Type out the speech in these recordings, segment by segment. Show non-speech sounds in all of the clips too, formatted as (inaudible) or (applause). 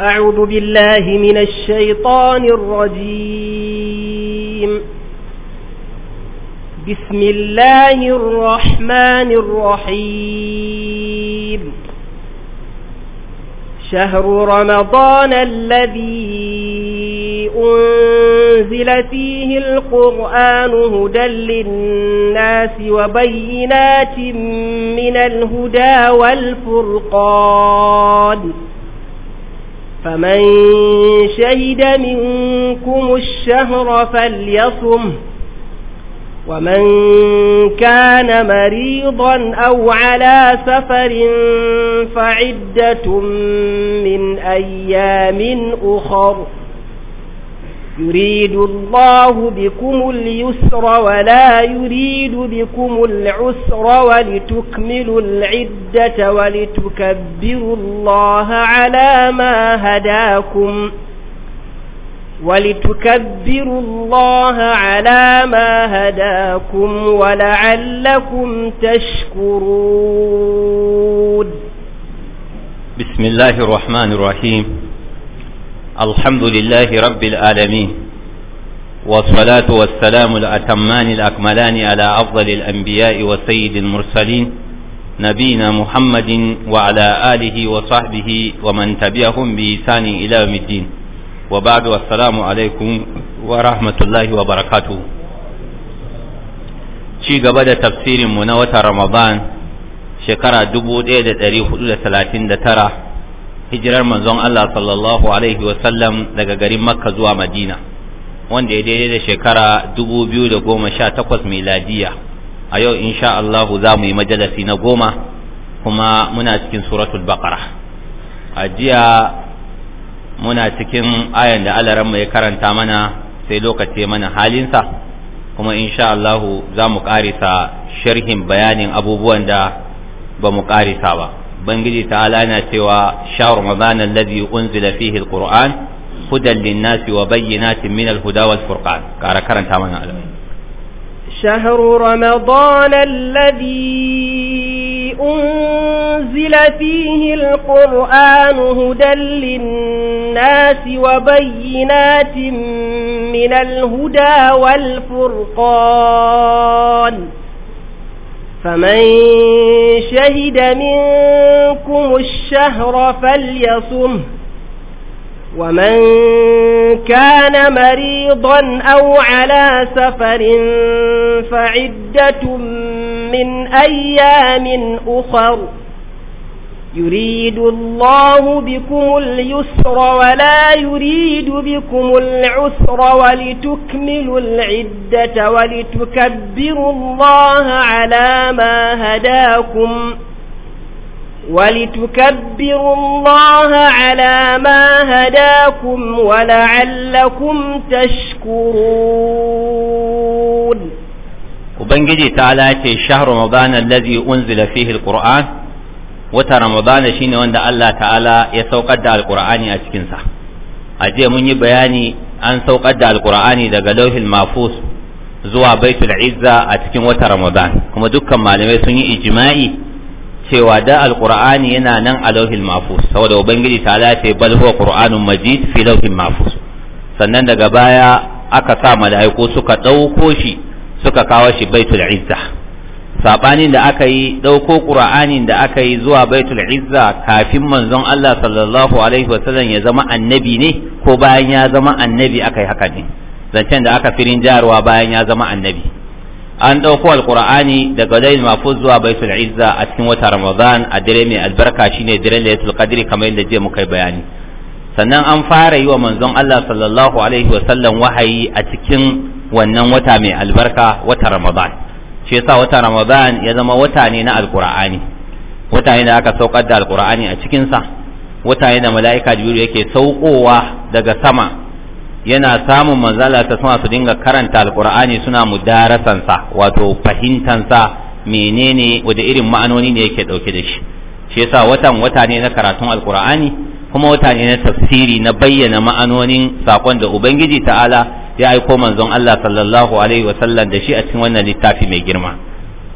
أعوذ بالله من الشيطان الرجيم بسم الله الرحمن الرحيم شهر رمضان الذي أنزل فيه القرآن هدى للناس وبينات من الهدى والفرقان فمن شهد منكم الشهر فليصم ومن كان مريضا أو على سفر فعدة من أيام أخر يريد الله بكم اليسر ولا يريد بكم العسر ولتكملوا العدة ولتكبروا الله على ما هداكم ولتكبروا الله على ما هداكم ولعلكم تشكرون بسم الله الرحمن الرحيم الحمد لله رب العالمين والصلاة والسلام الأتمان الأكملان على أفضل الأنبياء وسيد المرسلين نبينا محمد وعلى آله وصحبه ومن تبعهم بإحسان إلى يوم الدين وبعد والسلام عليكم ورحمة الله وبركاته شي قبل تفسير منوة رمضان شكرا دبو ديدة تاريخ hijirar manzon Allah sallallahu alaihi wasallam daga garin Makka zuwa Madina wanda ya daidai da shekara 2018 miladiya a yau insha Allah za mu yi majalasi na goma kuma muna cikin suratul baqara a jiya muna cikin ayan da Allah ranmu ya karanta mana sai lokaci mana halinsa kuma insha Allah za mu karisa sharhin bayanin abubuwan da ba mu karisa ba بنجي تعالى انا سوى شهر رمضان الذي أنزل فيه القرآن هدى للناس وبينات من الهدى والفرقان كاركرا تامنا شهر رمضان الذي أنزل فيه القرآن هدى للناس وبينات من الهدى والفرقان فمن شهد منكم الشهر فليصم ومن كان مريضا أو على سفر فعدة من أيام أخر يريد الله بكم اليسر ولا يريد بكم العسر ولتكملوا العدة ولتكبروا الله على ما هداكم ولتكبروا الله على ما هداكم ولعلكم تشكرون وبنجي تعالى شهر رمضان الذي أنزل فيه القرآن wata ramadana shine wanda Allah ta'ala ya saukar da alkur'ani a cikinsa a jiya mun yi bayani an saukar da alkur'ani daga lauhin mafus zuwa baitul izza a cikin wata ramadan kuma dukkan malamai sun yi ijima'i cewa da alƙur'ani yana nan a lauhin mafus saboda ubangiji ta'ala ce bal huwa qur'anun majid fi lauhin mafus sannan daga baya aka sa mala'iku suka dauko shi suka kawo shi baitul izza sabanin da aka yi dauko qur'anin da aka yi zuwa baitul izza kafin manzon Allah sallallahu alaihi wasallam ya zama annabi ne ko bayan ya zama annabi aka yi haka ne zancen da aka firin jarwa bayan ya zama annabi an dauko alqur'ani daga dai mafuz zuwa baitul izza a cikin wata ramadan a dare mai albarka shine dare laylatul qadri kamar yadda jiya muka bayani sannan an fara yi wa manzon Allah sallallahu alaihi wasallam wahayi a cikin wannan wata mai albarka wata ramadan shi yasa wata ramadan ya zama wata ne na alqur'ani wata ne da aka saukar da alqur'ani a cikin sa wata ne da mala'ika jibril yake saukowa daga sama yana samun manzala ta sama su dinga karanta alqur'ani suna mudarasan sa wato fahimtan sa menene wanda irin ma'anoni ne yake dauke da shi shi yasa watan wata ne na karatun alqur'ani kuma wata ne na tafsiri na bayyana ma'anonin sakon da ubangiji ta'ala ya aiko manzon Allah sallallahu alaihi wa sallam da shi a cikin wannan littafi mai girma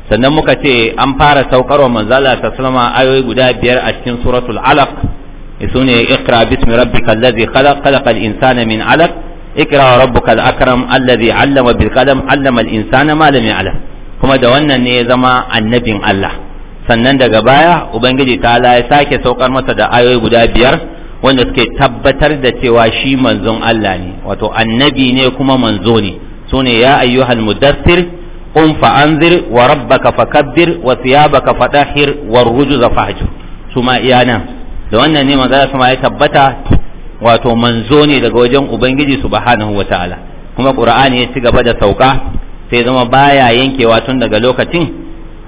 sannan muka ce an fara saukarwa manzon Allah sallallahu alaihi ayoyi guda biyar a cikin suratul alaq su ne iqra bismi rabbikal ladzi khalaq khalaqal insana min alaq iqra rabbukal akram alladhi 'allama bil qalam 'allama al insana ma lam ya'lam kuma da wannan ne ya zama annabin Allah sannan daga baya ubangiji ta ya sake saukar masa da ayoyi guda biyar wanda suke tabbatar da cewa shi manzon Allah ne wato annabi ne kuma manzo ne sune ya ayyuhal mudaththir qum fa anzir wa rabbaka fakabbir wa thiyabaka fadahhir war rujza fahjur suma iyana da wannan ne manzon sama ya tabbata wato manzo ne daga wajen ubangiji subhanahu wataala kuma qur'ani ya ci gaba da sauka sai zama baya yankewa tun daga lokacin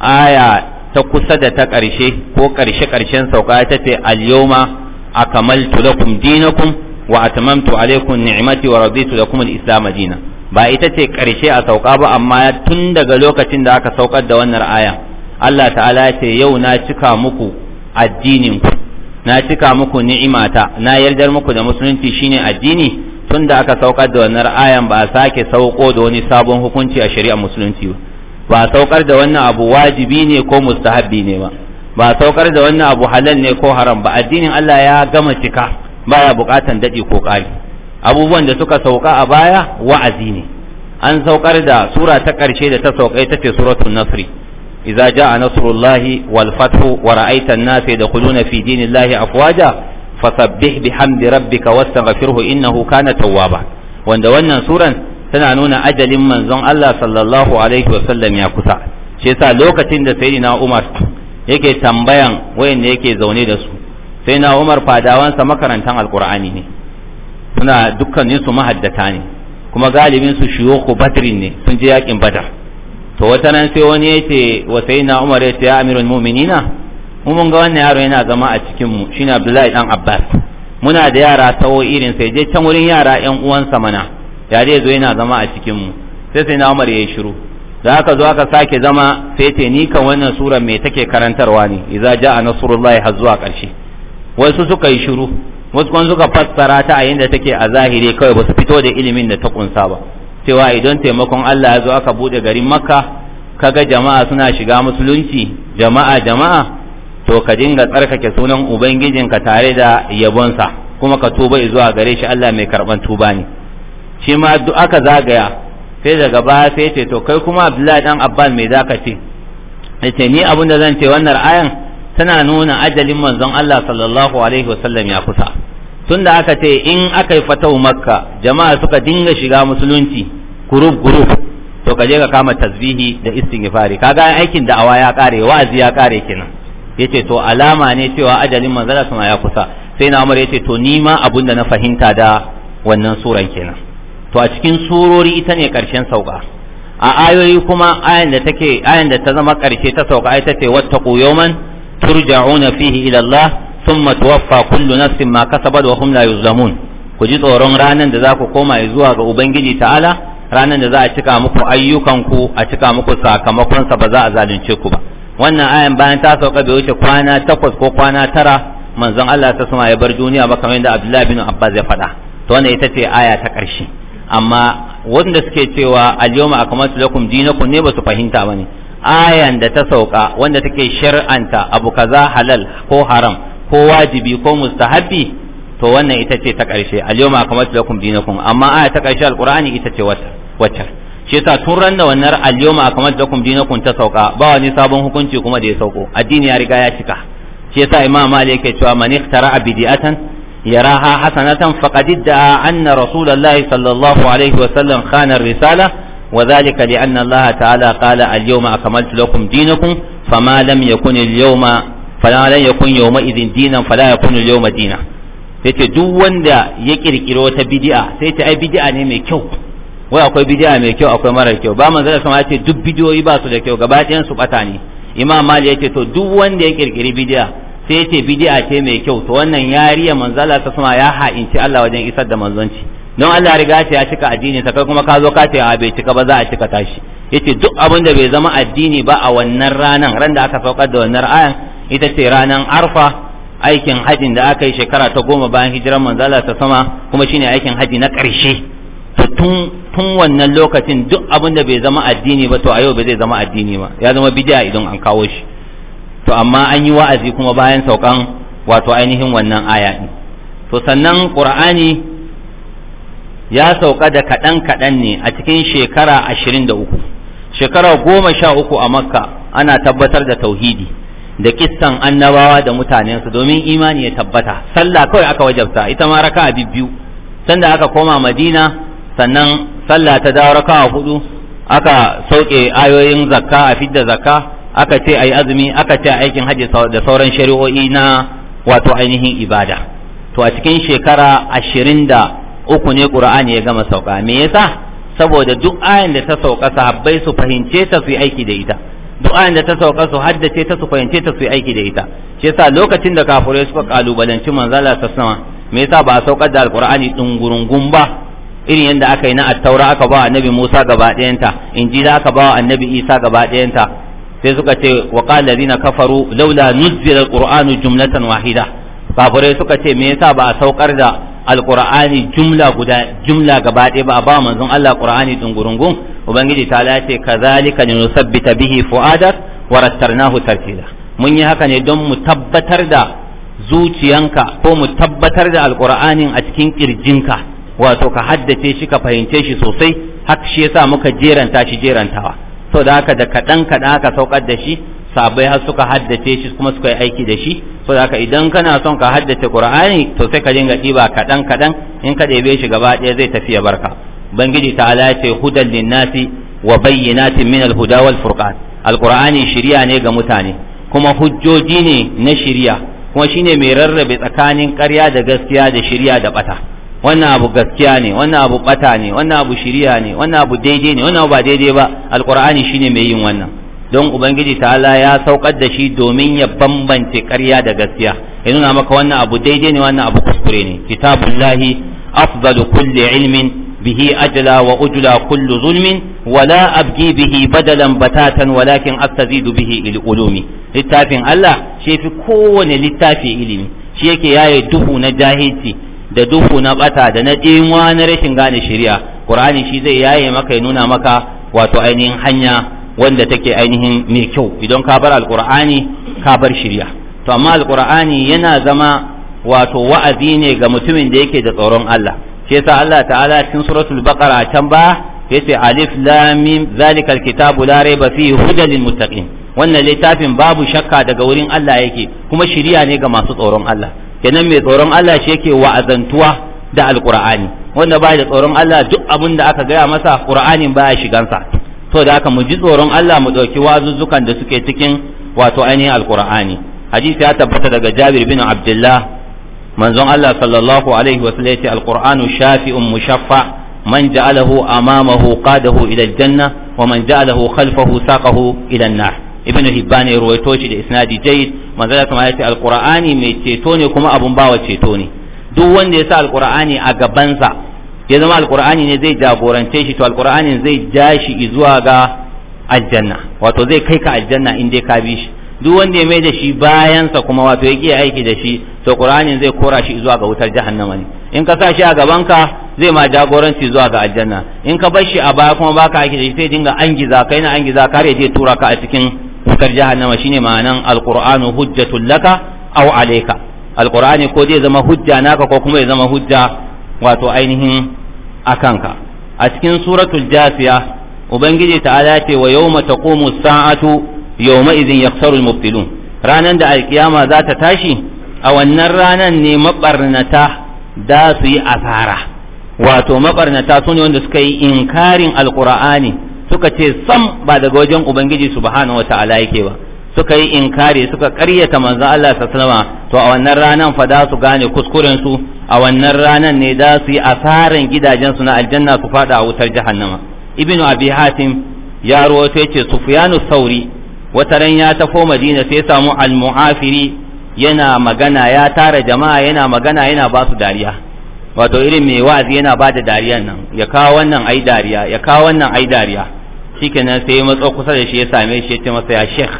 aya ta kusa da ta ƙarshe ko ƙarshe ƙarshen sauka ta ce al-yawma akamaltu lakum dinakum wa atamamtu alaykum ni'mati wa raditu lakum islam ba ita ce karshe a sauka ba amma tun daga lokacin da aka saukar da wannan aya Allah ta'ala ya ce yau na cika muku addininku na cika muku ni'imata na yardar muku da musulunci shine addini tun da aka saukar da wannan ayan ba a sake sauko da wani sabon hukunci a shari'ar musulunci ba ba saukar da wannan abu wajibi ne ko mustahabbi ne ba ba saukar da wannan abu halal ne ko haram ba addinin Allah ya gama cika baya bukatan dadi ko kari abubuwan da suka sauka a baya wa'azi ne an saukar da sura ta karshe da ta sauka ita ce suratul nasri idza jaa nasrullahi wal fathu wa ra'aita an-nasa yadkhuluna fi dinillahi afwaja fasabbih bihamdi rabbika wastaghfirhu innahu kana tawwaba wanda wannan suran tana nuna ajalin manzon Allah sallallahu alaihi wasallam ya kusa shi yasa lokacin da sayyidina Umar yake tambayan wayan wayanda yake zaune da su sai na Umar fadawansa makarantan alkur'ani ne suna dukkanin su mahaddata ne kuma galibin su ku batrin ne sun je yakin bada to wata nan sai wani yace wa sai na Umar yace ya amirul mu'minina mu mun ga wannan yaro yana zama a cikin mu shine Abdullahi dan Abbas muna da yara sawo irin sai je can wurin yara yan uwansa mana ya dai zo yana zama a cikin mu sai sai na Umar yayi shiru da aka zo aka sake zama fete ni kan wannan surar mai take karantarwa ne idza jaa nasrullahi har zuwa ƙarshe wasu suka yi shiru wasu kuma suka fassara ta a da take a zahiri kawai ba su fito da ilimin da ta kunsa ba cewa idan taimakon Allah ya zo aka bude garin Makka kaga jama'a suna shiga musulunci jama'a jama'a to ka dinga tsarkake sunan ubangijinka tare da yabonsa kuma ka tuba zuwa gare shi Allah mai karban tuba ne shi ma duk aka zagaya sai daga baya sai ce to kai kuma abdullahi dan abbas mai zaka ce yace ni abin da zan ce wannan ayan tana nuna ajalin manzon Allah sallallahu alaihi wasallam ya kusa tun da aka ce in aka yi fatau makka jama'a suka dinga shiga musulunci guruf gurup to ka je ka kama tasbihi da istighfari kaga aikin da'awa ya kare wa'azi ya kare kenan yace to alama ne cewa ajalin manzon Allah ya kusa sai na Umar yace to ni ma abin na fahimta da wannan suran kenan to a cikin surori ita ne ƙarshen sauka a ayoyi kuma ayan da take ayan da ta zama ƙarshe ta sauka ita ce wattaqu yawman turja'una fihi ila Allah thumma tuwaffa kullu nafsin ma kasabat wa hum la yuzlamun ku ji tsoron ranan da za ku koma zuwa ga ubangiji ta'ala ranan da za a cika muku ayyukanku a cika muku sakamakon sa ba za a zalunce ku ba wannan ayan bayan ta sauka bai wuce kwana takwas ko kwana tara manzon Allah ta sama ya bar duniya ba kamar yadda Abdullahi bin Abbas ya faɗa to wannan ita ce aya ta ƙarshe amma wanda suke cewa al-yawma akmaltu lakum dinakum ne ba su fahimta bane ayan da ta sauka wanda take shar'anta abu kaza halal ko haram ko wajibi ko mustahabi to wannan ita ce ta ƙarshe al-yawma akmaltu lakum dinakum amma aya ta ƙarshe al-qur'ani ita ce wata wacce shi yasa tun ranna wannan al-yawma akmaltu lakum dinakum ta sauka ba wani sabon hukunci kuma da ya sauko addini ya riga ya cika shi yasa imam malik yake cewa man ikhtara bid'atan يراها حسنة فقد ادعى أن رسول الله صلى الله عليه وسلم خان الرسالة وذلك لأن الله تعالى قال اليوم أكملت لكم دينكم فما لم يكن اليوم فلا لن يكن يومئذ دينا فلا يكون اليوم دينا sai duk wanda ya kirkiro ta bid'a sai ta ai ne mai kyau wai akwai bid'a mai kyau akwai mara kyau ba manzo da kama yace duk bidiyoyi ba su da kyau gaba ɗayan su bata ne imam mali yace to duk wanda ya kirkiri bidi'a. sai ce bid'a ce mai kyau to wannan yariya manzo Allah ta sama ya ha'inci Allah wajen isar da manzonci don Allah ya riga ce ya cika addini ta kai kuma ka zo ka ce a bai cika ba za a cika tashi yace duk abin da bai zama addini ba a wannan ranan ran da aka saukar da wannan ayan ita ce ranan arfa aikin hajin da aka yi shekara ta goma bayan hijirar manzala ta sama kuma shine aikin haji na ƙarshe tun tun wannan lokacin duk abin da bai zama addini ba to a yau bai zai zama addini ba ya zama bid'a idan an kawo shi to amma an yi wa'azi kuma bayan saukan wato ainihin wannan aya ne to sannan qur'ani ya sauka da kaɗan kaɗan ne a cikin shekara ashirin da uku shekara goma sha uku a makka ana tabbatar da tauhidi da kissan annabawa da mutanensu domin imani ya tabbata sallah kawai aka wajabta ita ma raka a biyu sanda aka koma madina sannan sallah ta dawo raka a hudu aka sauke ayoyin zakka a fidda zakka aka ce ayi azumi aka ce aikin haji da sauran shari'o'i na wato ainihin ibada to a cikin shekara ashirin da uku ne qur'ani ya gama sauka me yasa saboda duk ayan da ta sauka sahabbai su fahimce ta su yi aiki da ita duk ayan da ta sauka su haddace ta su fahimce ta su yi aiki da ita shi yasa lokacin da kafirai suka kalubalanci manzala ta sama me yasa ba a saukar da alqur'ani dungurungun ba irin yadda aka yi na attaura aka ba annabi Musa gaba ɗayanta injila aka ba annabi Isa gaba ɗayanta sai suka ce wa qala kafaru laula nuzila alquranu jumlatan wahida kafirai suka ce me yasa ba a saukar da alqur'ani jumla guda jumla gaba ɗaya ba a ba manzon Allah qur'ani dungurungun ubangiji ta ka kazalika linusabbita bihi fu'adak wa rattarnahu tartila mun yi haka ne don mu tabbatar da zuciyanka ko mu tabbatar da alqur'anin a cikin kirjinka wato ka haddace shi ka fahimce shi sosai har shi yasa muka jeranta shi jerantawa Sau da haka da kaɗan kaɗan aka saukar da shi sabai har suka haddace shi kuma suka yi aiki da shi so da haka idan kana son ka haddace qur'ani to sai ka dinga ɗiba kaɗan kaɗan in ka ɗebe shi gaba ɗaya zai tafi ya barka Bangiji ta ala ce hudan linnasi wa bayyinatin min Huda wal furqan alqur'ani shiriya ne ga mutane kuma hujjoji ne na shiriya kuma shine mai rarrabe tsakanin ƙarya da gaskiya da shiriya da bata wannan abu gaskiya ne wannan abu bata ne wannan abu shiriya ne wannan abu daidai ne wannan abu ba daidai ba alqur'ani shine mai yin wannan don ubangiji ta'ala ya saukar da shi domin ya bambance ƙarya da gaskiya ya nuna maka wannan abu daidai ne wannan abu kuskure ne kitabullahi afdalu kulli ilmin bihi ajla wa ujla kullu zulmin wala abgi bihi badalan batatan walakin astazidu bihi il ulumi littafin Allah shi fi kowane littafi ilimi shi yake yaye duhu na jahilci da duhu na bata da na ɗinwa na rashin gane shari'a qur'ani shi zai yaye maka ya nuna maka wato ainihin hanya wanda take ainihin mai kyau idan ka bar alqur'ani ka bar shari'a to amma alqur'ani yana zama wato wa'azi ne ga mutumin da yake da tsoron Allah shi yasa Allah ta'ala cikin suratul baqara can ba yace alif lam mim zalikal kitabu la raiba fihi hudan lil muttaqin wannan littafin babu shakka daga wurin Allah yake kuma shari'a ne ga masu tsoron Allah kenan mai tsoron Allah shi yake wa'azantuwa da alqur'ani wanda baya da tsoron Allah duk abin da aka gaya masa qur'anin baya shigansa to da haka mu ji tsoron Allah mu dauki wazuzzukan da suke cikin wato ainihin alqur'ani hadisi ya tabbata daga Jabir bin Abdullah manzon Allah sallallahu alaihi wa sallam yace alqur'anu shafi'un mushaffa man ja'alahu amamahu qadahu ila aljanna wa man ja'alahu khalfahu saqahu ila an-nar ibnu hibban ya ruwaito shi da isnadi jayyid manzala kuma ya alqur'ani mai ceto ne kuma abun bawa ceto ne duk wanda ya sa alqur'ani a gabansa ya zama alqur'ani ne zai jagorance shi to alqur'ani zai ja shi zuwa ga aljanna wato zai kai ka aljanna in dai ka bi shi duk wanda ya mai da shi bayansa kuma wato ya kiya aiki da shi to qur'anin zai kora shi zuwa ga wutar jahannama ne in ka sa shi a gaban ka zai ma jagoranci zuwa ga aljanna in ka bar shi a baya kuma baka aiki da shi sai dinga angiza kai na angiza kare je tura ka a cikin wutar jahannama shine ma'anan alqur'anu hujjatul laka aw alayka alqur'ani ko zai zama hujja naka ko kuma ya zama hujja wato ainihin akanka a cikin suratul jasiya ubangiji ta'ala ce wa yawma taqumu sa'atu yawma idhin yakhsaru al-mubtilun ranan da alkiyama za ta tashi a wannan ranan ne mabarnata da su yi asara wato mabarnata sune ne wanda suka yi inkarin alqur'ani suka ce sam ba daga wajen ubangiji subhanahu wataala yake ba suka yi inkari suka karyata manzon Allah sallallahu to a wannan ranan fa da su gane kuskuren su a wannan ranan ne da su yi asaran gidajen su na aljanna su fada a wutar jahannama ibnu abi hatim ya rawaito yace sufyanu sauri wata ran ya tafo madina sai samu al-mu'afiri yana magana ya tara jama'a yana magana yana ba su dariya wato irin mai wa'azi yana ba da dariyan nan ya kawo wannan ai dariya ya kawo wannan ai dariya kenan sai ya matso kusa da shi ya same shi ya ce masa ya sheikh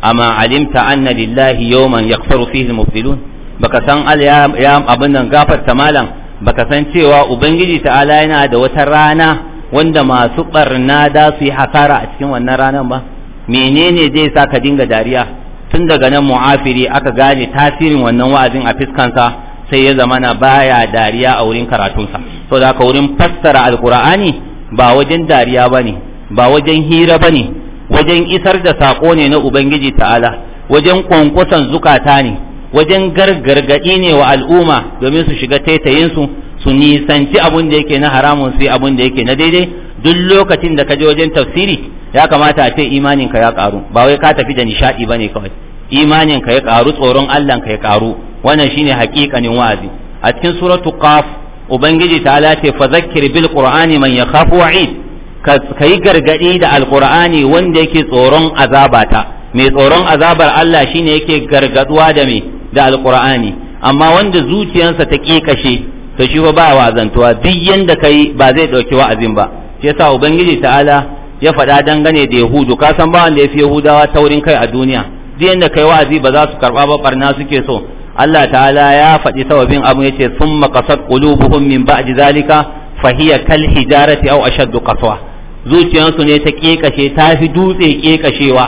amma alimta anna lillahi yawman yakfaru fihi al-mubtilun baka san al ya abin nan gafarta malam baka san cewa ubangiji ta'ala yana da wata rana wanda masu barna da su yi hasara a cikin wannan ranar ba menene zai sa ka dinga dariya tun daga nan mu'afiri aka gane tasirin wannan wa'azin a fiskansa sai ya zamana baya dariya a wurin karatunsa to da ka wurin fassara alkur'ani ba wajen dariya ba ne ba wajen hira ba ne wajen isar da saƙo ne na ubangiji ta'ala wajen kwankwason zukata ne wajen gargargaɗi ne wa al'umma domin su shiga taitayinsu su nisanci abin da yake na haramun su abin da yake na daidai duk lokacin da ka je wajen tafsiri ya kamata a ce imaninka ya karu ba wai ka tafi da nishaɗi bane ne kawai imaninka ya karu tsoron ka ya karu wannan shine hakikanin wa'azi a cikin suratu qaf ubangiji ta ce fa zakkir bil qur'ani man yakhafu wa'id ka yi gargadi da alkur'ani wanda yake tsoron azabata mai tsoron azabar Allah shine yake gargaduwa da me da alqur'ani amma wanda zuciyarsa ta kikashe to shi ba wazantuwa duk yanda kai ba zai ɗauki wa'azin ba shi yasa ubangiji ta'ala ya faɗa dangane da yahudu ka san ba wanda ya fi yahudawa taurin kai a duniya duk yanda kai wa'azi ba za su karba ba barna suke so Allah ta'ala ya faɗi sababin abu yace sun qasat qulubuhum min ba'di zalika fahiya kal hijarati aw ashaddu qaswa zuciyarsu ne ta kekashe ta fi dutse ƙeƙashewa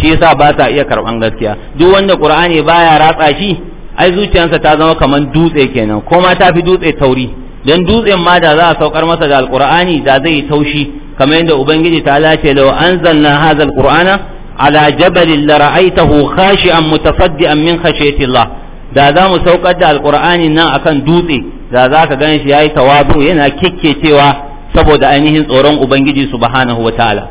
shi yasa ba sa iya karban gaskiya duk wanda qur'ani baya ratsa shi ai zuciyarsa ta zama kaman dutse kenan ko ma ta fi dutse tauri dan dutsen ma da za a saukar masa da alqur'ani da zai taushi kamar yadda ubangiji ta lace law anzalna hadha alqur'ana ala jabalin la ra'aitahu khashi'an mutasaddian min khashyati da za mu saukar da alqur'ani nan akan dutse da za ka gan shi yayi tawabu yana kikkecewa saboda ainihin tsoron ubangiji subhanahu ta'ala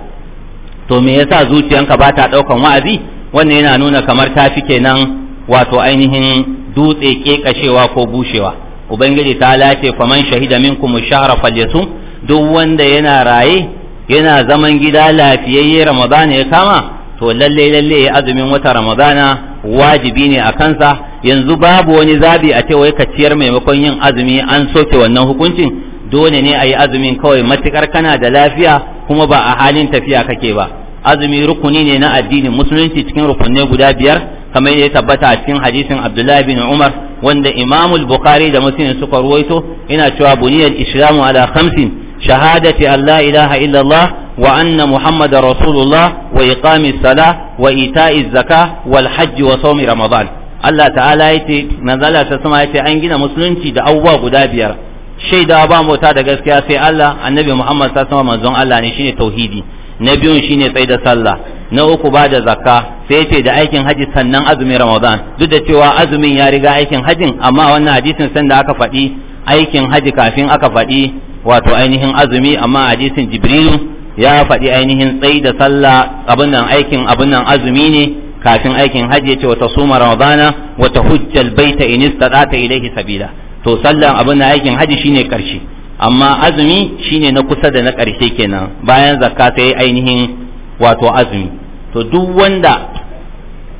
to me yasa zuciyanka ba ta ɗaukan wa'azi wannan yana nuna kamar ta fi kenan wato ainihin dutse kekashewa ko bushewa ubangiji ta lace faman shahida minkum shahra falyasum duk wanda yana raye yana zaman gida lafiyayye ramadana ya kama to lalle lalle ya azumin wata ramadana wajibi ne a kansa yanzu babu wani zabi a ce wai ka maimakon yin azumi an soke wannan hukuncin dole ne a yi azumin kawai matuƙar kana da lafiya kuma ba a halin tafiya kake ba azumi rukuni ne na addinin musulunci cikin rukunai guda biyar kamar ya tabbata a cikin hadisin abdullahi bin umar wanda imamul bukhari da muslim suka ruwaito ina cewa buniyar islamu ala khamsin shahadati allah ilaha illallah wa anna muhammad rasulullah wa iqami sala wa ita'iz zaka wal hajji wa sawmi ramadan Allah ta'ala yace manzala ta sama yace an gina musulunci da abubuwa guda biyar shaida ba mota da gaskiya sai Allah annabi Muhammad sallallahu sama wasallam manzon Allah ne shine tauhidi na biyun shine tsaida sallah na uku ba da zakka sai ce da aikin haji sannan azumin Ramadan duk da cewa azumin ya riga aikin hajin amma wannan hadisin da aka faɗi aikin haji kafin aka faɗi wato ainihin azumi amma hadisin Jibrilu ya faɗi ainihin tsaida sallah abin nan aikin abin nan azumi ne kafin aikin haji ya ce wata suma Ramadana wata hujjal baita in istata ilaihi sabila to sallan abin na aikin haji shine karshe amma azumi shine na kusa da na karshe kenan bayan zakka yi ainihin wato azumi to duk wanda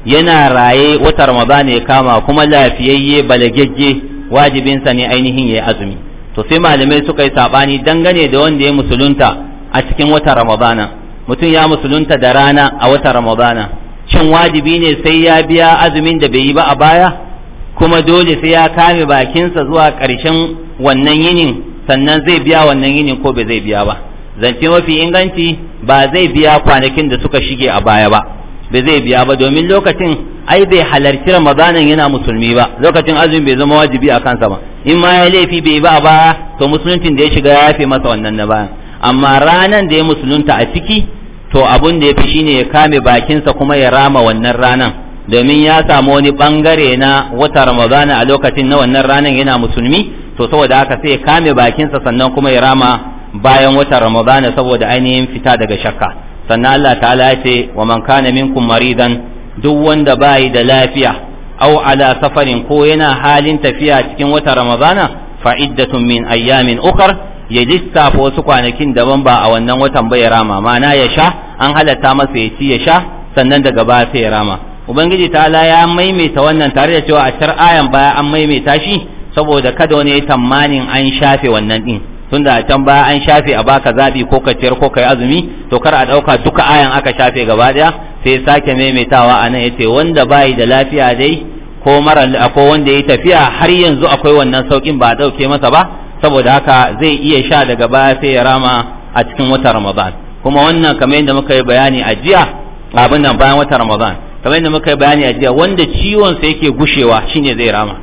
yana raye wata ramadan ya kama kuma lafiyayye balagegge wajibinsa ne ainihin ya yi azumi to sai malamai suka yi sabani dangane da wanda ya musulunta a cikin wata ramadana mutum ya musulunta da rana a wata ramadana cin wajibi ne sai ya biya azumin da bai yi ba a baya kuma dole sai ya kame bakinsa zuwa ƙarshen wannan yinin sannan zai biya wannan yinin ko bai zai biya ba zance mafi inganci ba zai biya kwanakin da suka shige a baya ba bai zai biya ba domin lokacin ai bai halarci ramadanan yana musulmi ba lokacin azumi bai zama wajibi a kansa ba in ma ya laifi bai ba a baya to musuluncin da ya shiga ya yafe masa wannan na baya amma ranan da ya musulunta a ciki to abun da ya fi shine ya kame bakinsa kuma ya rama wannan ranan domin ya samu wani bangare na wata ramadana a lokacin na wannan ranar yana musulmi to saboda haka sai kame bakinsa sannan kuma ya rama bayan wata ramadana saboda ainihin fita daga shakka sannan Allah ta'ala ya ce wa man kana minkum maridan duk wanda bai da lafiya aw ala safarin ko yana halin tafiya cikin wata ramadana fa iddatun min ayyamin ukar ya lissafa wasu kwanakin daban ba a wannan watan bai rama mana ya sha an halatta masa ya ci ya sha sannan daga ba sai ya rama ubangiji ta'ala ya maimaita wannan tare da cewa a tar ayan baya an maimaita shi saboda kada wani ya tamanin an shafe wannan din tunda a can baya an shafe a baka zabi ko ka ciyar ko kai azumi to kar a dauka duka ayan aka shafe gaba daya sai sake maimaitawa a ya yace wanda bai da lafiya dai ko mara ko wanda ya tafiya har yanzu akwai wannan saukin ba a dauke masa ba saboda haka zai iya sha daga baya sai ya rama a cikin wata Ramadan kuma wannan kamar yadda muka yi bayani a jiya abin nan bayan wata Ramadan kamar yadda muka bayani a jiya wanda ciwon sa yake gushewa shine zai rama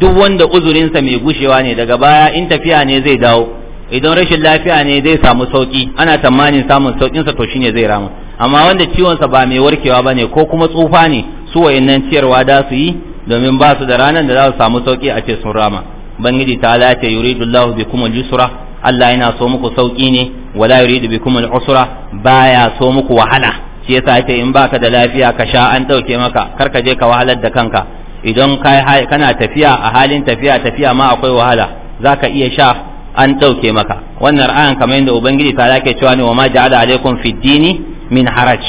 duk wanda uzurinsa mai gushewa ne daga baya in tafiya ne zai dawo idan rashin lafiya ne zai samu sauki ana tamanin samun saukin sa to shine zai rama amma wanda ciwon sa ba mai warkewa bane ko kuma tsufa ne su wayannan ciyarwa da su yi domin ba su da ranar da za su samu sauki a ce sun rama bangiji ta yuridu yuridullahu bikum al-yusra Allah yana so muku sauki ne wala yuridu bikum al-usra baya so muku wahala shi yasa ce in baka da lafiya ka sha an ɗauke maka kar ka je ka wahalar da kanka idan kana tafiya a halin tafiya tafiya ma akwai wahala za ka iya sha an ɗauke maka wannan ra'ayin kamar yadda ubangiji ta lake cewa ne wa ma ja'ala alaikum fid dini min haraj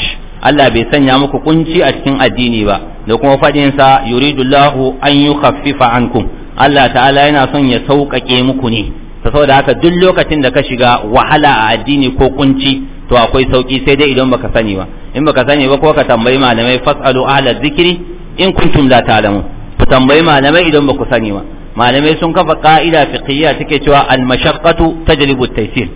Allah bai sanya muku kunci a cikin addini ba da kuma fadin sa yuridullahu an yukhaffifa ankum Allah ta'ala yana son ya sauƙaƙe muku ne saboda haka duk lokacin da ka shiga wahala a addini ko kunci to akwai sauki sai dai idan baka sani ba in baka sani ba ko ka tambayi malamai fasalu ahla zikiri in kuntum la ta'lamu ku tambayi malamai idan baku sani ba malamai sun kafa ka'ida fiqhiyya take cewa al mashaqqatu tajlibu at-taysir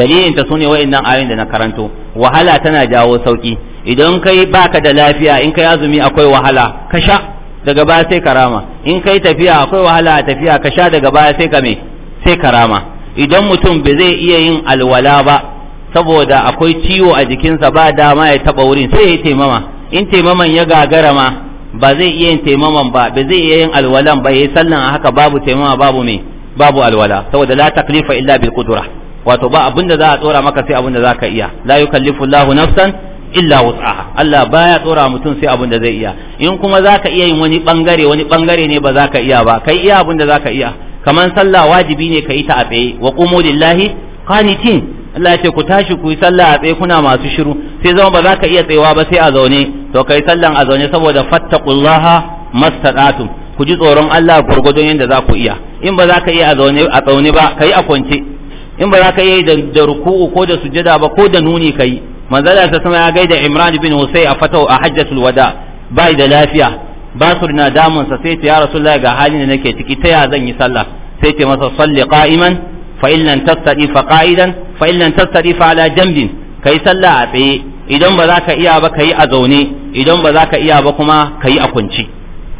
dalilin ta sune wa'annan ayoyin da na karanto wahala tana jawo sauki idan kai baka da lafiya in kai azumi akwai wahala ka sha daga baya sai karama in kai tafiya akwai wahala a tafiya ka sha daga baya sai ka me sai karama idan mutum bai zai iya yin alwala ba saboda akwai ciwo a jikinsa ba dama ya taba wurin sai ya yi taimama in taimaman ya gagara ma ba zai iya yin taimaman ba ba zai iya yin alwalan ba yayi sallan a haka babu taimama babu me babu alwala saboda la taklifa illa bil qudra wato ba da za a tsora maka sai da zaka iya la yukallifu Allahu nafsan illa wus'aha Allah baya tsora mutum sai da zai iya in kuma zaka iya yin wani bangare wani bangare ne ba zaka iya ba kai iya abinda zaka iya kaman sallah wajibi ne ka yi ta a tsaye wa qumu lillahi qanitin Allah ya ce ku tashi ku yi sallah a tsaye kuna masu shiru sai zama ba za ka iya tsayawa ba sai a zaune to kai sallan a zaune saboda fattaqullaha mastata'tum ku ji tsoron Allah gurgudun yadda za ku iya in ba za ka iya a zaune a tsaune ba kai a kwance in ba za ka iya da ruku'u ko da sujjada ba ko da nuni kai manzala ta sama ya gaida Imran bin Husayn a fatau a hajjatul wada bai da lafiya basur na damun sa sai ta ya rasulullahi ga halin da nake ciki ta ya zan yi sallah sai ce masa salli qa'iman fa in lam fa qa'idan fa in lan tastarifa ala jambin kai sallah a tsaye idan ba za ka iya ba kai a zaune idan ba za ka iya ba kuma kai a kunci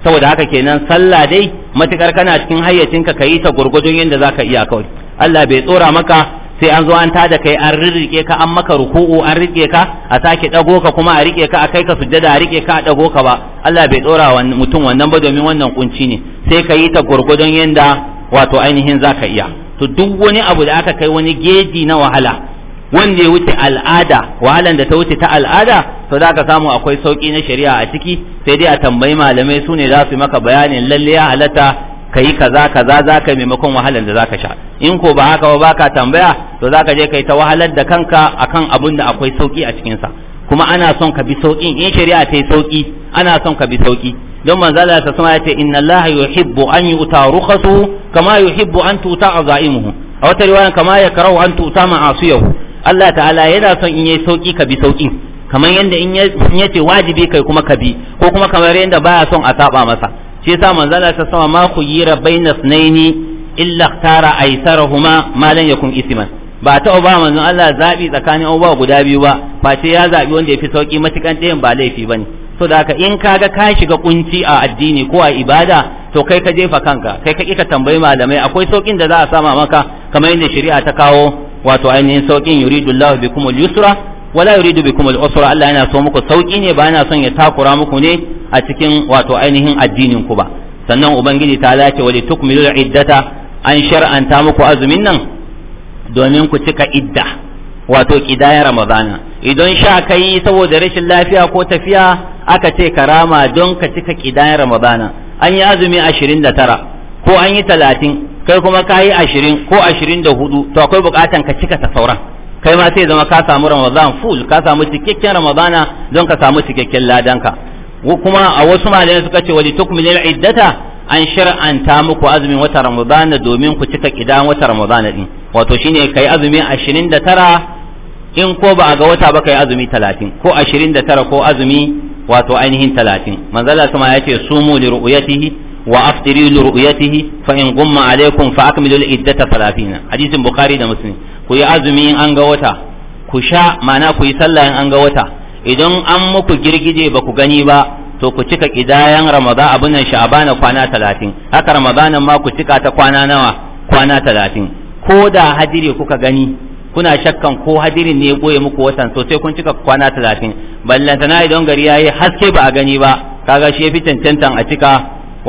saboda haka kenan sallah dai matukar kana cikin hayyacinka kai ta gurgudun yadda za ka iya kawai Allah bai tsora maka sai an zo an tada kai an rirrike ka an maka ruku'u an rike ka a sake dago ka kuma a rike ka a kai ka sujjada a rike ka a dago ka ba Allah bai tsora wa mutum wannan ba domin wannan kunci ne sai ka yi ta gurgudun yanda wato ainihin za ka iya to duk wani abu da aka kai wani geji na wahala wanda ya wuce al'ada wahalan da ta wuce ta al'ada to za ka samu akwai sauki na shari'a a ciki sai dai a tambayi malamai su ne za su maka bayanin lalle ya halatta ka yi kaza kaza za ka maimakon wahalan da za ka sha in ko ba haka ba ka tambaya to za ka je ka yi ta wahalar da kanka akan abun da akwai sauki a cikinsa kuma ana son ka bi sauki in shari'a ta yi sauki ana son ka bi sauki don manzala ta sama ya ce inna allaha yuhibbu an yu'ta rukhasu kama yuhibbu an tuta azaimuhu a wata riwaya kama yakrahu an tuta yau. Allah ta'ala yana son in yayi sauki ka bi sauki kamar yadda in yace wajibi kai kuma ka bi ko kuma kamar yadda baya son a saba masa shi yasa manzo Allah ta sama ma khuyira bainas naini illa ikhtara malam ma lan yakun isman ba ta ba manzo Allah zabi tsakanin abubuwa guda biyu ba face ya zabi wanda yafi sauki matukan ɗayan ba laifi bane so da haka in kaga ka shiga kunci a addini ko a ibada to kai ka jefa kanka kai ka kika tambayi malamai akwai saukin da za a sama maka kamar yadda shari'a ta kawo wato ainihin saukin yuridullahu bikum al-yusra wala yuridu bikum al-usra Allah yana so muku sauki ne ba yana son ya takura muku ne a cikin wato ainihin addinin ku ba sannan ubangiji ta lace wali tukmilul iddata an shar'anta muku azumin nan domin ku cika idda wato kidayar ramadana idan sha kai saboda rashin lafiya ko tafiya aka ce karama don ka cika kidayar ramadana an yi azumi ashirin da tara ko an yi talatin kai kuma ka yi ashirin ko ashirin da hudu to akwai bukatan ka cika ta sauran kai ma sai zama ka samu ramadan full ka samu cikakken ramadana don ka samu cikakken ladanka kuma a wasu malamai suka ce wali tukmilil iddata an shar'anta muku azumin wata ramadana domin ku cika kidan wata ramadana din wato shine kai azumi ashirin da tara in ko ba a ga wata ba kai azumi talatin ko ashirin da tara ko azumi wato ainihin talatin manzala sama ya ce sumu li ru'yatihi wa aftiru li fa in gumma alaikum fa akmilu al iddata talatina hadisin bukhari da muslim ku yi azumi in an ga wata ku sha mana ku yi sallah in an ga wata idan an muku girgije ba ku gani ba to ku cika kidayan ramadan abin nan bana kwana talatin haka ramadanan ma ku cika ta kwana nawa kwana talatin ko da hadiri kuka gani kuna shakkan ko hadirin ne ya goye muku watan sosai kun cika kwana talatin ballantana idan gari ya yi haske ba a gani ba kaga shi ya fi cancantan a cika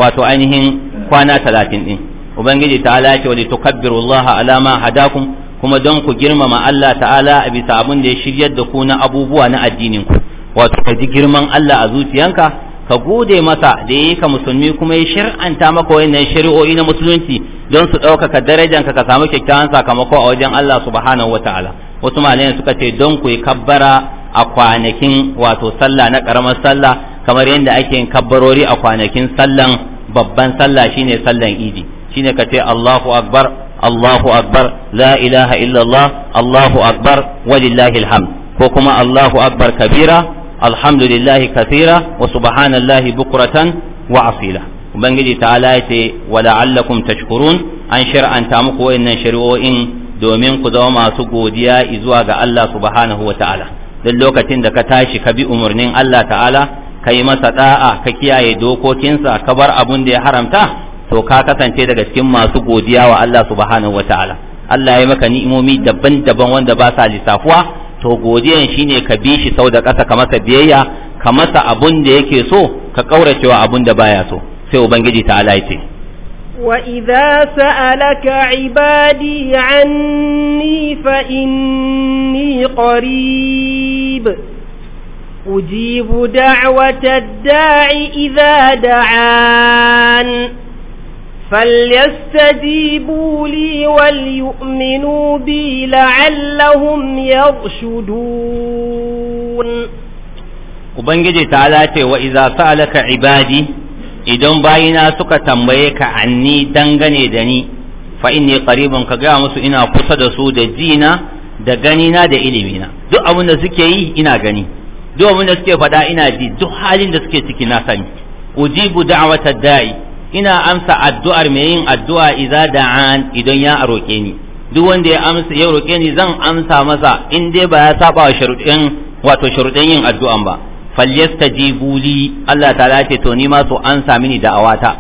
wato ainihin kwana talatin din ubangiji ta'ala ya ce wa litukabbiru allaha ala ma hadakum kuma don ku girmama Allah ta'ala a bisa abin da ya shiryar da ku na abubuwa na addinin ku wato ka ji girman Allah a zuciyanka ka gode masa da yayi ka musulmi kuma ya shar'anta maka wayannan shari'o'i na musulunci don su ɗaukaka darajanka ka samu kyakkyawan sakamako a wajen Allah subhanahu wataala wasu malayan suka ce don ku yi kabbara a kwanakin wato sallah na karamar sallah kamar yadda ake yin kabbarori a kwanakin sallan babban sallah shine sallan idi shine ka ce Allahu akbar Allahu akbar la ilaha illallah Allahu akbar walillahil hamd ko kuma Allahu akbar kabira alhamdulillahi kathira wa subhanallahi bukratan wa asila ubangiji ta'ala yace wa la'allakum tashkurun an shar'anta muku wayannan shari'o'in domin ku zama masu godiya zuwa ga Allah subhanahu wa ta'ala duk lokacin da ka tashi ka bi umarnin Allah ta'ala ka yi masa da'a ka kiyaye dokokinsa ka bar abun da ya haramta to ka kasance daga cikin masu godiya wa Allah subhanahu wa ta'ala Allah ya yi maka ni'imomi daban-daban wanda basa sa lissafuwa to godiyan shine ka bi shi sau da ƙasa ka masa biyayya ka masa abun da yake so ka ƙauracewa abun da baya so sai ubangiji ta ala ce وإذا سألك عبادي عني فإني قريب أجيب دعوة الداع إذا دعان فليستجيبوا لي وليؤمنوا بي لعلهم يرشدون Ubangiji ta lace wa iza sa'alaka ibadi idan bayina suka tambaye ka anni dangane da ni fa inni qaribun ka gaya musu ina kusa da su da jina da ganina da ilimina duk abin da suke yi ina gani duk abin da suke faɗa ina ji duk halin da suke ciki na sani ujibu da'wata da'i ina amsa addu'ar mai yin addu'a idza da'an idan ya roke ni duk wanda ya amsa ya roke ni zan amsa masa in dai ba ya saba wa sharuɗin wato sharuɗin yin addu'an ba falyastajibu li Allah ta ce to ni ma su ansa mini da'awata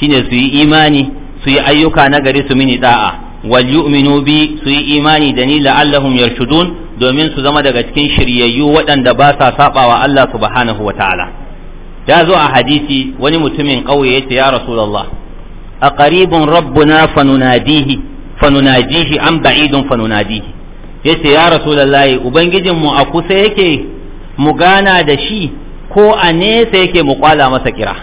shine su yi imani su yi ayyuka na gari su mini da'a wal yu'minu bi su yi imani da ni la'allahum yarshudun domin su zama daga cikin shiryayyu waɗanda ba sa saba wa Allah subhanahu wa ta'ala ya zo a hadisi wani mutumin ƙauye yace ya rasulullah a qaribun rabbuna fanunadihi fanunajihi an ba'idun fanunadihi yace ya rasulullahi ubangijin mu a kusa yake mu gana da shi ko a nesa yake mu kwala masa kira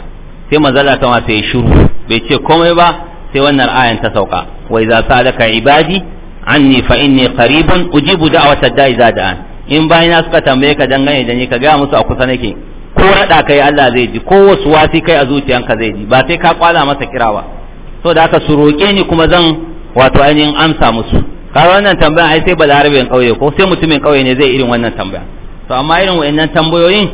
sai manzala ta sai shiru bai ce komai ba sai wannan ayan ta sauka wa idza salaka ibadi anni fa inni qaribun ujibu da'watad da'i da'an in bayina suka tambaye ka dangane da ni ka ga musu a kusa nake raɗa kai Allah zai ji ko wasu wasi kai a zuciyanka zai ji ba sai ka kwala masa kirawa so da aka su roƙe ni kuma zan wato ainihin amsa musu ka wannan tambayan ai sai larabin kauye ko sai mutumin kauye ne zai irin wannan tambaya to amma irin wayannan tambayoyin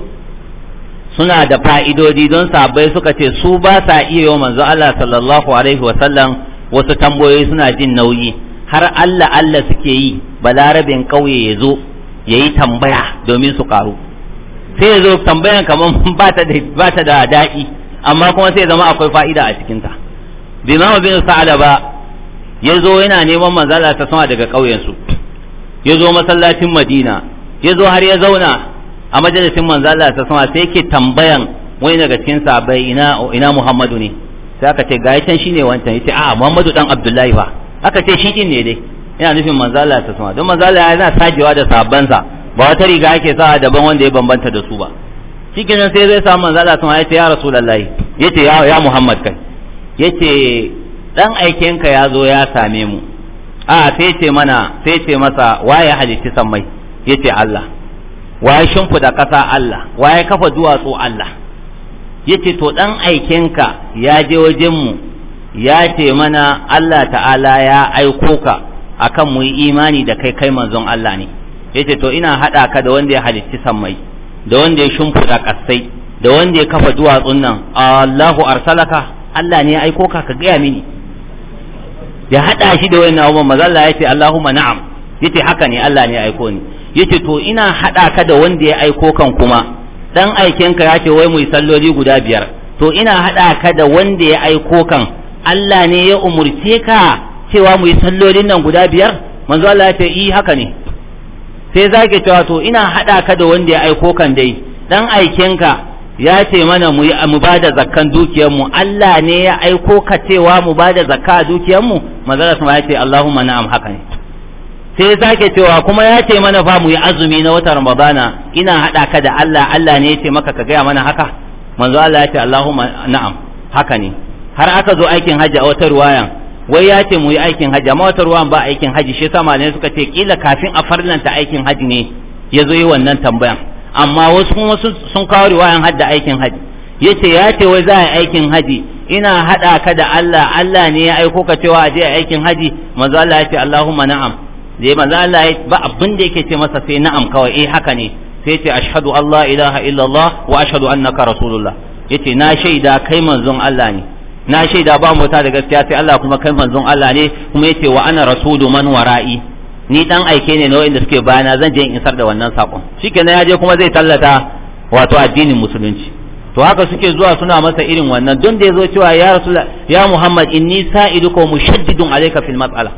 suna da fa'idodi don sabai suka ce su ba sa iya yau manzo Allah sallallahu alaihi wasallam wasu tambayoyi suna jin nauyi har Allah Allah suke yi balarabin kauye ya zo ya yi tambaya domin su karu sai ya zo tambayan kamar (laughs) ba ta da ba ta da daɗi amma kuma sai ya zama akwai fa'ida a cikin ta bi ma bin sa'ada ba ya zo yana neman manzala ta sama daga ƙauyen su ya zo masallacin Madina ya zo har ya zauna a majalisin manzala ta sama sai yake tambayan wani daga cikin sahabbai ina ina Muhammadu ne sai aka ce ga can shine wancan yace a Muhammadu dan Abdullahi fa aka ce shi din ne dai yana nufin manzala ta sama don manzala yana sajewa da sabansa ba wata riga ake sa daban wanda ya bambanta da su ba cikin nan sai zai samu manzo Allah sun yace ya rasulullahi yace ya ya Muhammad kai yace dan aikin ka yazo ya same mu a sai ce mana sai ce masa waye halitti sammai yace Allah waye shimfida kasa Allah waye kafa duwatsu Allah yace to dan aikin ka ya je wajen mu ya ce mana Allah ta'ala ya aiko ka akan mu yi imani da kai kai manzon Allah ne yace to ina hada ka da wanda ya halitti sammai da wanda ya shimfida kasai da wanda ya kafa duwatsun nan Allahu arsalaka Allah ne ya aiko ka ka gaya mini ya hada shi da wannan abubuwan maza Allah yace Allahumma na'am yace haka ne Allah ne ya aiko ni yace to ina hada ka da wanda ya aiko kan kuma dan aikin ka yace wai mu salloli guda biyar to ina hada ka da wanda ya aiko kan Allah ne ya umurce ka cewa mu yi sallolin nan guda biyar manzo Allah ya ce i eh, haka ne sai zake cewa to ina hada ka da wanda ya aiko kan dai dan aikinka ya ce mana mu mu bada zakkan dukiyar mu Allah ne ya aiko ka cewa mu bada zakka dukiyar mu manzon sama ya ce Allahumma na'am haka ne sai zake cewa kuma ya ce mana fa mu yi azumi na watan Ramadana ina hada ka da Allah Allah ne ya ce maka ka gaya mana haka manzo Allah ya ce Allahumma na'am haka ne har aka zo aikin hajji a wata ruwayan wai ya ce mu yi aikin haji amma wata ruwan ba aikin haji shi yasa malamai suka ce kila kafin a farlanta aikin haji ne ya zo yi wannan tambayan amma wasu kuma sun kawo riwayan hadda aikin haji yace ya ce wai za a aikin haji ina haɗa ka da Allah Allah ne ya aiko ka cewa a je aikin haji manzo Allah ya ce Allahumma na'am da manzo Allah ba abin da yake ce masa sai na'am kawai eh haka ne sai ce ashhadu Allah ilaha illallah wa ashhadu annaka rasulullah yace na shaida kai manzon Allah ne na shaida ba mota da gaskiya sai Allah kuma kai manzon Allah ne kuma yace wa ana rasulu man wara'i ni dan aike ne na wanda suke bayana zan je in isar da wannan sakon shikenan ya je kuma zai tallata wato addinin musulunci to haka suke zuwa suna masa irin wannan don da yazo cewa ya rasul ya muhammad inni sa'iduka mushaddidun alayka fil mas'ala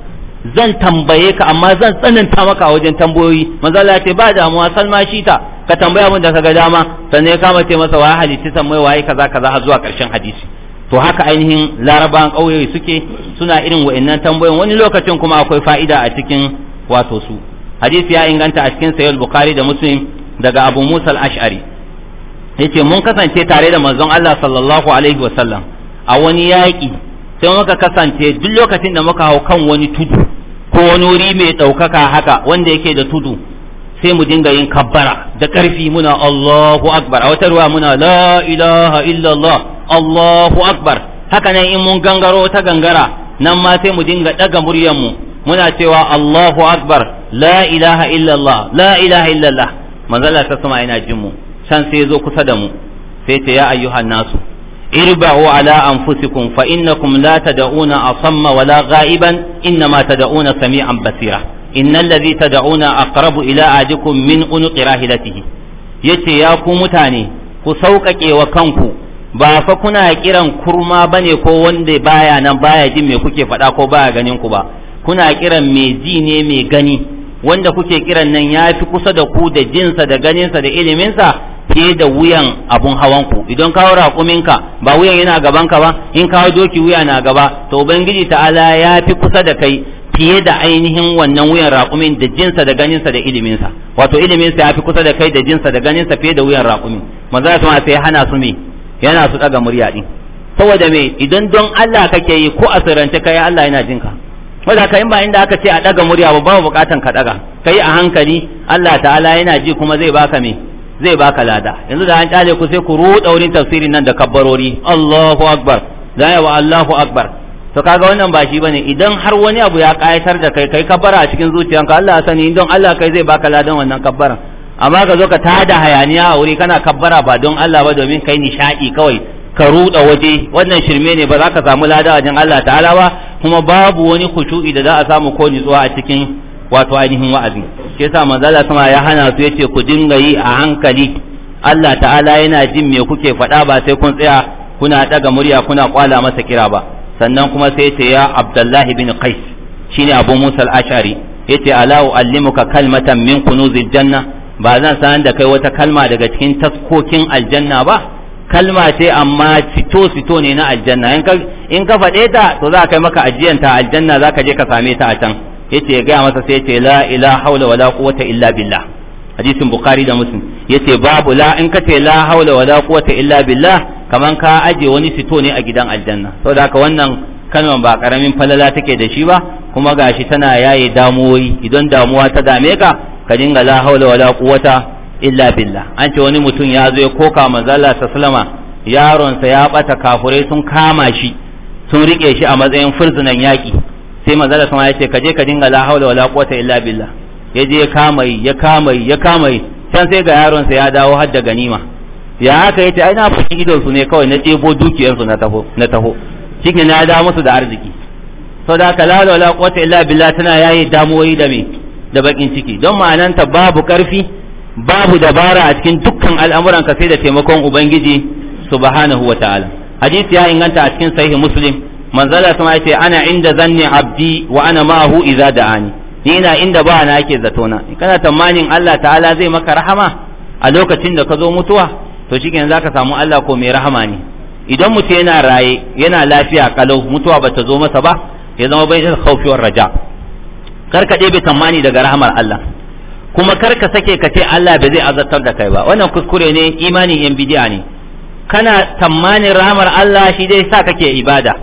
zan tambaye ka amma zan tsananta maka wajen tambayoyi manzo Allah ce ba damuwa salma shi ta ka tambaya mun da kaga dama sannan ya kama ce masa wa hadisi san mai waye kaza kaza har zuwa karshen hadisi to haka ainihin larabawan ƙauye suke suna irin wa'annan tambayoyin wani lokacin kuma akwai fa'ida a cikin wato su hadisi ya inganta a cikin sayyid bukhari da muslim daga abu musa al-ash'ari yace mun kasance tare da manzon Allah sallallahu alaihi wa sallam a wani yaƙi sai muka kasance duk lokacin da muka hau kan wani tudu ko wani wuri mai ɗaukaka haka wanda yake da tudu sai mu dinga yin kabbara da ƙarfi muna Allahu akbar a wata ruwa muna la ilaha illallah Allahu akbar haka nan in mun gangaro ta gangara nan ma sai mu dinga ɗaga muryan mu muna cewa Allahu akbar la ilaha illallah la ilaha illallah manzala ta sama yana jin mu can sai zo kusa da mu sai ta ya ayyuhan nasu irbahu ala anfusikum fa innakum la tad'una asamma wala ghaiban inma tad'una sami'an basira innal ladhi tad'una aqrabu ila ajikum min unqi rahilatihi yace ya ku mutane ku sauƙaƙe wa kanku ba fa kuna kiran kurma bane ko wanda baya nan baya jin me kuke faɗa ko baya ganin ku ba kuna kiran mai ji ne mai gani wanda kuke kiran nan ya fi kusa da ku da jinsa da ganinsa da iliminsa ke da wuyan abun hawanku idan kawo raƙuminka ba wuyan yana gabanka ba in kawo doki wuya na gaba to ubangiji ta'ala ya fi kusa da kai fiye da ainihin wannan wuyan raƙumin da jinsa da ganinsa da iliminsa wato iliminsa ya fi kusa da kai da jinsa da ganinsa fiye da wuyan raƙumin manzo ya tuma sai hana su me yana su daga murya din saboda me idan don Allah kake yi ko a asirance kai Allah yana jinka wanda ka in ba inda aka ce a daga murya ba babu bukatan ka daga kai a hankali Allah ta'ala yana ji kuma zai baka me zai baka lada yanzu da an kyale ku sai ku ruɗa wurin tafsirin nan da kabbarori Allahu akbar da yawa Allahu akbar to kaga wannan ba shi bane idan har wani abu ya kayatar da kai kai kabbara a cikin zuciyanka Allah ya sani don Allah kai zai baka ladan wannan kabaran amma ka zo ka tada hayaniya a wuri kana kabbara ba don Allah ba domin kai nishadi kawai ka ruɗa waje wannan shirme ne ba za ka samu lada wajen Allah ta'ala ba kuma babu wani khushu'i da za a samu ko nutsuwa a cikin wato ainihin wa'azi ke yasa manzo Allah sama ya hana su yace ku dinga yi a hankali Allah ta'ala yana jin me kuke faɗa ba sai kun tsaya kuna daga murya kuna kwala masa kira ba sannan kuma sai ce ya abdullahi bin qais shine abu musa al-ashari yace ala uallimuka kalmatan min kunuzil janna ba zan sanar da kai wata kalma daga cikin taskokin aljanna ba kalma ce amma fito fito ne na aljanna in ka in ka faɗe ta to za kai maka ajiyan ta aljanna za ka je ka same ta a can yace ya gaya masa sai ce la ilaha haula wala quwwata illa billah hadisin bukhari da muslim yace babu la in ka ce la hawla wala quwwata illa billah kaman ka aje wani fito ne a gidan aljanna da haka wannan kalman ba karamin falala take da shi ba kuma gashi tana yaye damuwoyi idan damuwa ta dame ka ka dinga la haula wala quwwata illa billah an ce wani mutum ya zo ya koka manzo salama, yaron yaronsa ya bata kafurai sun kama shi sun rike shi a matsayin furzunan yaki sai manzo sama sallama ya ce ka je ka dinga la haula wala quwwata illa billah ya je ya kama ya kama ya kama can sai ga yaronsa ya dawo har da ganima ya haka yace ai na fashi idon su ne kawai na debo dukiyar su na taho na taho shine na da musu da arziki saboda haka la wala quwwata illa billah tana yayi damuwoyi da me da bakin ciki don ma'ananta babu karfi babu dabara a cikin dukkan al'amuran ka sai da taimakon ubangiji subhanahu wataala hadisi ya inganta a cikin sahihi muslim manzala sama yace ana inda zanni abdi wa ana ma'ahu idza da'ani ni ina inda ba na yake zato na kana tamanin Allah ta'ala zai maka rahama a lokacin da ka zo mutuwa to za ka samu Allah ko mai rahama ne idan mutum yana raye yana lafiya kalau mutuwa bata zo masa ba ya zama bai da khawfi war raja karka bai tamani daga rahamar Allah kuma karka sake ka ce Allah bai zai azabtar da kai ba wannan kuskure ne imani yan bidiya ne kana tamani rahamar Allah shi dai sa kake ibada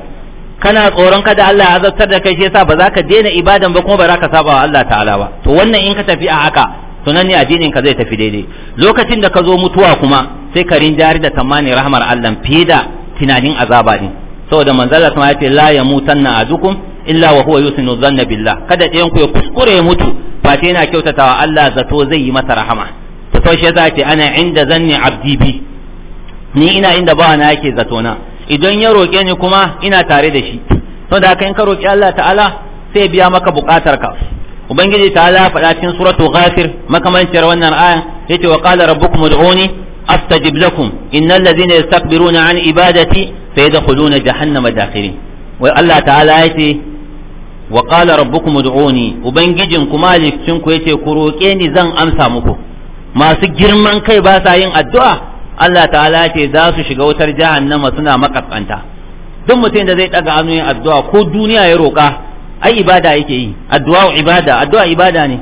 kana tsoron kada Allah ya azabtar da kai shi yasa ba za ka daina ibadan ba kuma ba za ka saba wa Allah ta'ala ba to wannan in ka tafi a haka to nan ne addinin ka zai tafi daidai lokacin da ka zo mutuwa kuma sai ka jari da tamani rahmar Allah fiye da tunanin azaba din saboda manzala kuma ya ce la na adukum illa wa huwa yusinu dhanna billah kada ɗayan ku ya kuskure ya mutu ba ta yana kyautatawa Allah zato zai yi masa rahama to sai shi yasa ce ana inda zanni abdi bi ni ina inda ba na yake zato na idan ya roke ni kuma ina tare da shi saboda haka in ka roki Allah ta'ala sai biya maka bukatar ka ubangiji ta ala faɗa cikin suratu ghafir makamancin wannan aya yace wa qala rabbukum ud'uni astajib lakum innal ladhina yastakbiruna an ibadati sayadkhuluna jahannama dakhirin wai Allah ta'ala yace wa qala rabbukum ud'uni ubangijin kuma likin ku yace ku roke ni zan amsa muku masu girman kai ba sa yin addu'a Allah ta'ala ce za su shiga wutar jahannama suna makaskanta duk mutum da zai daga hannu yin addu'a ko duniya ya roka ai ibada yake yi addu'a ibada addu'a ibada ne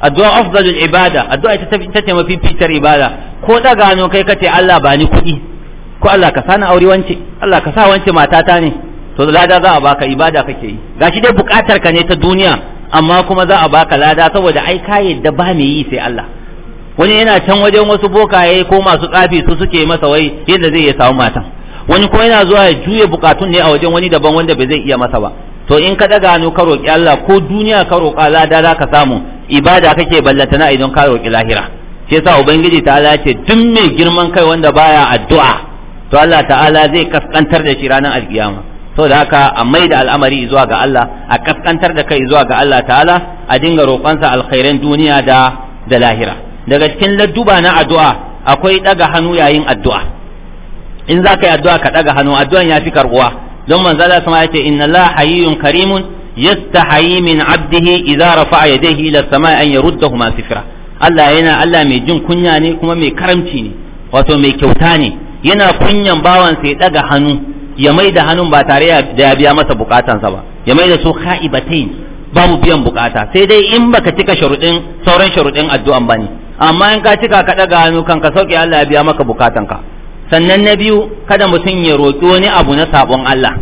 addu'a afdalul ibada addu'a ita ta ce mafi fitar ibada ko daga hannu kai kace Allah ba ni kuɗi ko Allah ka sani aure wance Allah ka sa wance matata ne to lada za a baka ibada kake yi gashi dai bukatar ka ne ta duniya amma kuma za a baka lada saboda ai ka yadda ba me yi sai Allah wani yana can wajen wasu bokaye ko masu tsafi su suke masa wai yadda zai ya samu matan wani kuma yana zuwa ya juye bukatun ne a wajen wani daban wanda bai zai iya masa ba to in ka daga hannu ka roƙi Allah ko duniya ka roƙa lada za ka samu ibada kake ballantana idan ka roƙi lahira shi yasa ubangiji ta'ala ce duk mai girman kai wanda baya addu'a to Allah ta'ala zai kaskantar da shi ranar alkiyama saboda haka a mai da al'amari zuwa ga Allah a kaskantar da kai zuwa ga Allah ta'ala a dinga roƙonsa alkhairan duniya da da lahira daga cikin ladduba na addu'a akwai ɗaga hannu yayin addu'a in za ka yi addu'a ka ɗaga hannu addu'an ya fi karbuwa don manzala sama ya ce inna la hayyun karimun yastahayi min abdihi idza rafa'a yadayhi ila samai an yaruddahuma sifra Allah yana Allah mai jin kunya ne kuma mai karamci ne wato mai kyauta ne yana kunyan bawan sai daga hannu ya mai da hannun ba tare da ya biya masa bukatansa ba ya mai da su kha'ibatain babu biyan bukata sai dai in baka cika sharuɗin sauran sharuɗin addu'an ne amma in ka cika ka daga hannu kanka sauke Allah ya biya maka bukatanka sannan na biyu kada mutum ya roƙi wani abu na sabon Allah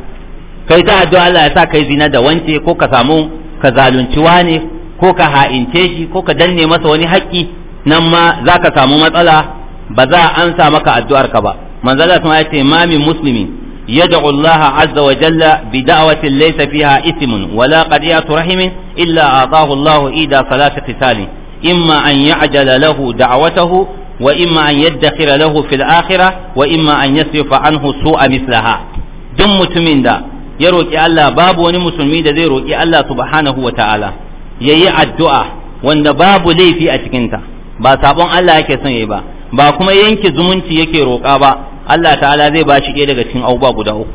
kai ta addu'a Allah ya sa kai zina da wance ko ka samu ka zalunci ne ko ka ha'ince shi ko ka danne masa wani haƙƙi nan ma za ka samu matsala ba za a ansa maka addu'ar ka ba manzala sun ya ce ma min muslimin yad'u Allah azza wa jalla bi da'watin laysa fiha ismun wala qadiyatu rahimin illa ataahu Allah ida salati qitali imma an ya'jala lahu da'watahu wa imma an yaddakhira lahu fil akhirah wa imma an yasrifa anhu mislaha duk mutumin da ya roki Allah babu wani musulmi da zai roki Allah subhanahu wa ta'ala yayi addu'a wanda babu laifi a cikinta ba sabon Allah yake son ya yayi ba ba kuma yanke zumunci yake roka ba Allah ta'ala zai ba shi ɗaya daga cikin abubuwa guda uku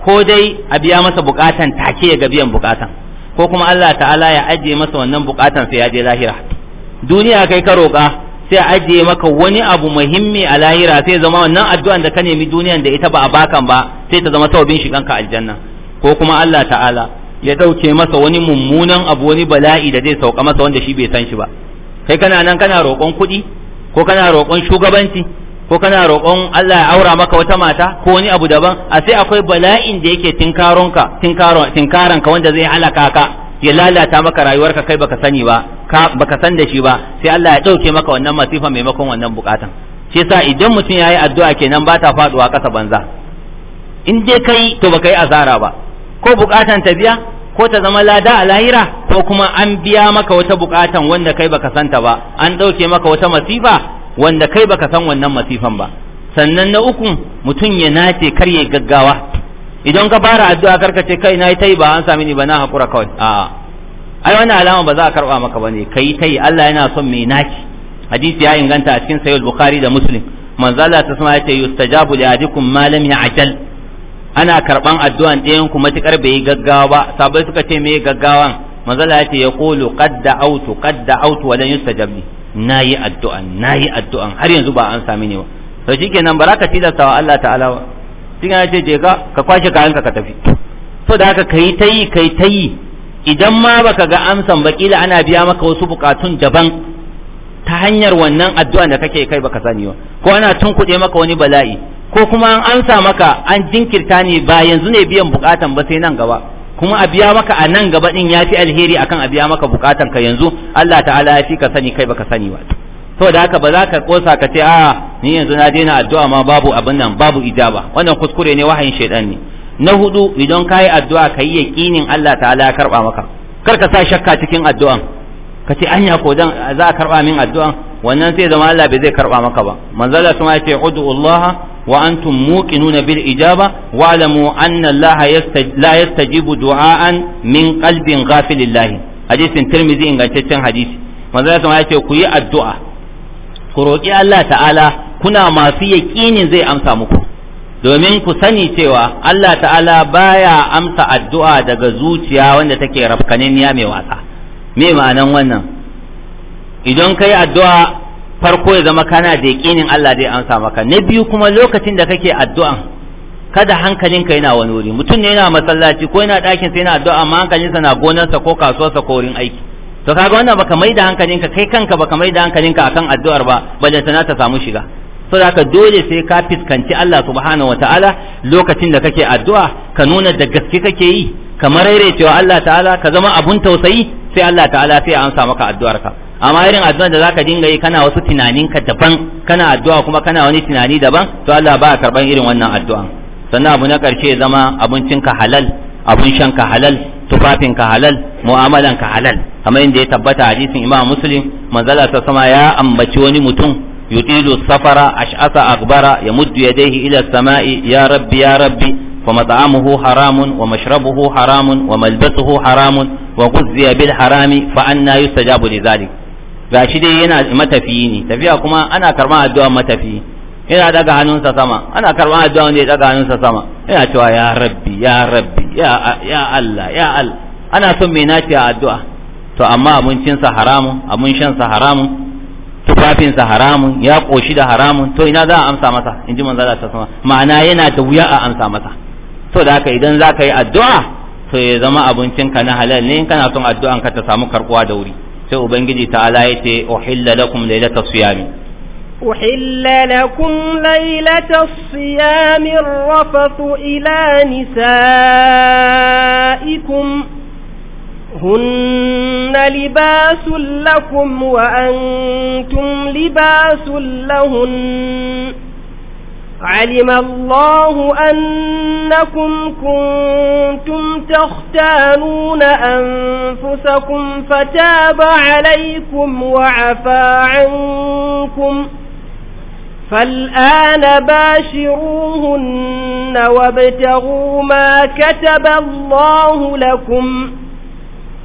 ko dai a biya masa bukatan take ya ga biyan bukatan ko kuma Allah ta'ala ya ajiye masa wannan bukatan sai ya je lahira duniya kai ka roka sai a ajiye maka wani abu muhimmi a lahira sai zama wannan addu'an da ka nemi duniyan da ita ba a bakan ba sai ta zama sababin shiganka aljanna ko kuma Allah ta'ala ya dauke masa wani mummunan abu wani bala'i da zai sauka masa wanda shi bai san shi ba kai kana nan kana roƙon kuɗi ko kana roƙon shugabanci ko kana roƙon Allah ya aura maka wata mata ko wani abu daban a sai akwai bala'in da yake tinkaronka tinkaron tinkaranka wanda zai halaka ka ya lalata maka rayuwarka kai baka sani ba ka baka san da shi ba sai Allah ya dauke maka wannan masifa maimakon wannan bukatan shi yasa idan mutum yayi addu'a kenan ba ta faduwa kasa banza in dai kai to baka yi azara ba ko bukatan ta biya ko ta zama lada a lahira ko kuma an biya maka wata bukatan wanda kai baka santa ba an dauke maka wata masifa wanda kai baka san wannan masifan ba sannan na uku mutum ya nace kar ya gaggawa idan ka fara addu'a karka ce kai na yi tai ba an sami ni ba na hakura kawai a'a ai wannan alama ba za a karba maka ba bane kai tai Allah yana son mai naki hadisi ya inganta a cikin sahih bukhari da muslim manzo Allah ta sama yace yustajabu li ahadikum ma lam ya'jal ana karban addu'an ɗayan ku matukar bai gaggawa ba sabai suka ce me gaggawan manzo Allah yace yaqulu qad da'awtu qad da'awtu wa lan yustajab li nayi addu'an nayi addu'an har yanzu ba an sami ni ba to shikenan baraka tilasta wa Allah ta'ala tun ya ce je ka ka kwashe kayanka ka tafi so da haka kai ta yi kai ta yi idan ma baka ga amsan ba kila ana biya maka wasu bukatun daban ta hanyar wannan addu'a da kake kai baka sani ba ko ana tunkuɗe maka wani bala'i ko kuma an amsa maka an jinkirta ne ba yanzu ne biyan bukatan ba sai nan gaba kuma a biya maka a nan gaba din yafi alheri akan a biya maka bukatan ka yanzu Allah ta'ala ya fi ka sani kai baka sani ba to da haka ba za ka kosa ka ce a ni yanzu na daina addu'a ma babu abin nan babu ijaba wannan kuskure ne wahayin shaidan ne na hudu idan kayi addu'a kayi yaqinin Allah ta'ala ya karba maka kar ka sa shakka cikin addu'an ka ce anya ko dan za a karba min addu'a wannan sai zama Allah bai zai karba maka ba manzala kuma ya ce ud'ullaha وأنتم موقنون بالإجابة واعلموا أن الله يستج... لا يستجيب دعاء من قلب غافل الله حديث ترمذي إن كان حديث ku yi addu'a ku roƙi الله تعالى kuna masu yaƙinin zai amsa muku domin ku sani cewa Allah ta'ala baya amsa addu'a daga zuciya wanda take ya mai wasa me ma'anan wannan idan kai addu'a farko ya zama kana da yaƙinin Allah zai amsa maka na biyu kuma lokacin da kake addu'an kada hankalinka yana wani wuri mutum ne yana masallaci ko yana ɗakin sai yana addu'a amma hankalinsa na gonarsa ko kasuwarsa ko wurin aiki to kaga wannan baka mai da hankalinka kai kanka baka mai da hankalinka akan addu'ar ba balle sana ta samu shiga saboda dole sai ka fiskanci Allah subhanahu wataala lokacin da kake addu'a ka nuna da gaske kake yi kamar cewa Allah ta'ala ka zama abun tausayi sai Allah ta'ala sai an maka addu'ar ka amma irin addu'a da zaka dinga yi kana wasu tunaninka daban kana addu'a kuma kana wani tunani daban to Allah ba karban irin wannan addu'a sannan abu na karshe zama abincin ka halal abun shan ka halal tufafin ka halal mu'amalan ka halal kamar inda ya tabbata hadisin Imam Muslim manzala ta sama ya ambaci wani mutum يطيل السفر أشعث أكبر يمد يديه إلى السماء يا ربي يا ربي فمطعمه حرام ومشربه حرام وملبسه حرام وغزي بالحرام فأنا يستجاب لذلك gashi dai yana matafiyi ne tafiya kuma ana karban addu'a matafiyi yana daga hannunsa sama ana karban addu'a wanda ya daga hannunsa sama yana cewa ya rabbi ya rabbi ya Allah ya Allah ana son mai naci a addu'a to amma abincinsa haramun abin shansa haramun tufafinsa haramun ya koshi da haramun to ina za a amsa masa in ji manzala ta sama ma'ana yana da wuya a amsa masa to da haka idan za ka yi addu'a to ya zama abincinka na halal ne kana son addu'an ka ta samu karkuwa da wuri sai ubangiji ta'ala ya ce uhilla lakum lailata siyami uhilla lakum lailata siyami rafathu ila nisaikum هن لباس لكم وأنتم لباس لهن علم الله أنكم كنتم تختانون أنفسكم فتاب عليكم وعفى عنكم فالآن باشروهن وابتغوا ما كتب الله لكم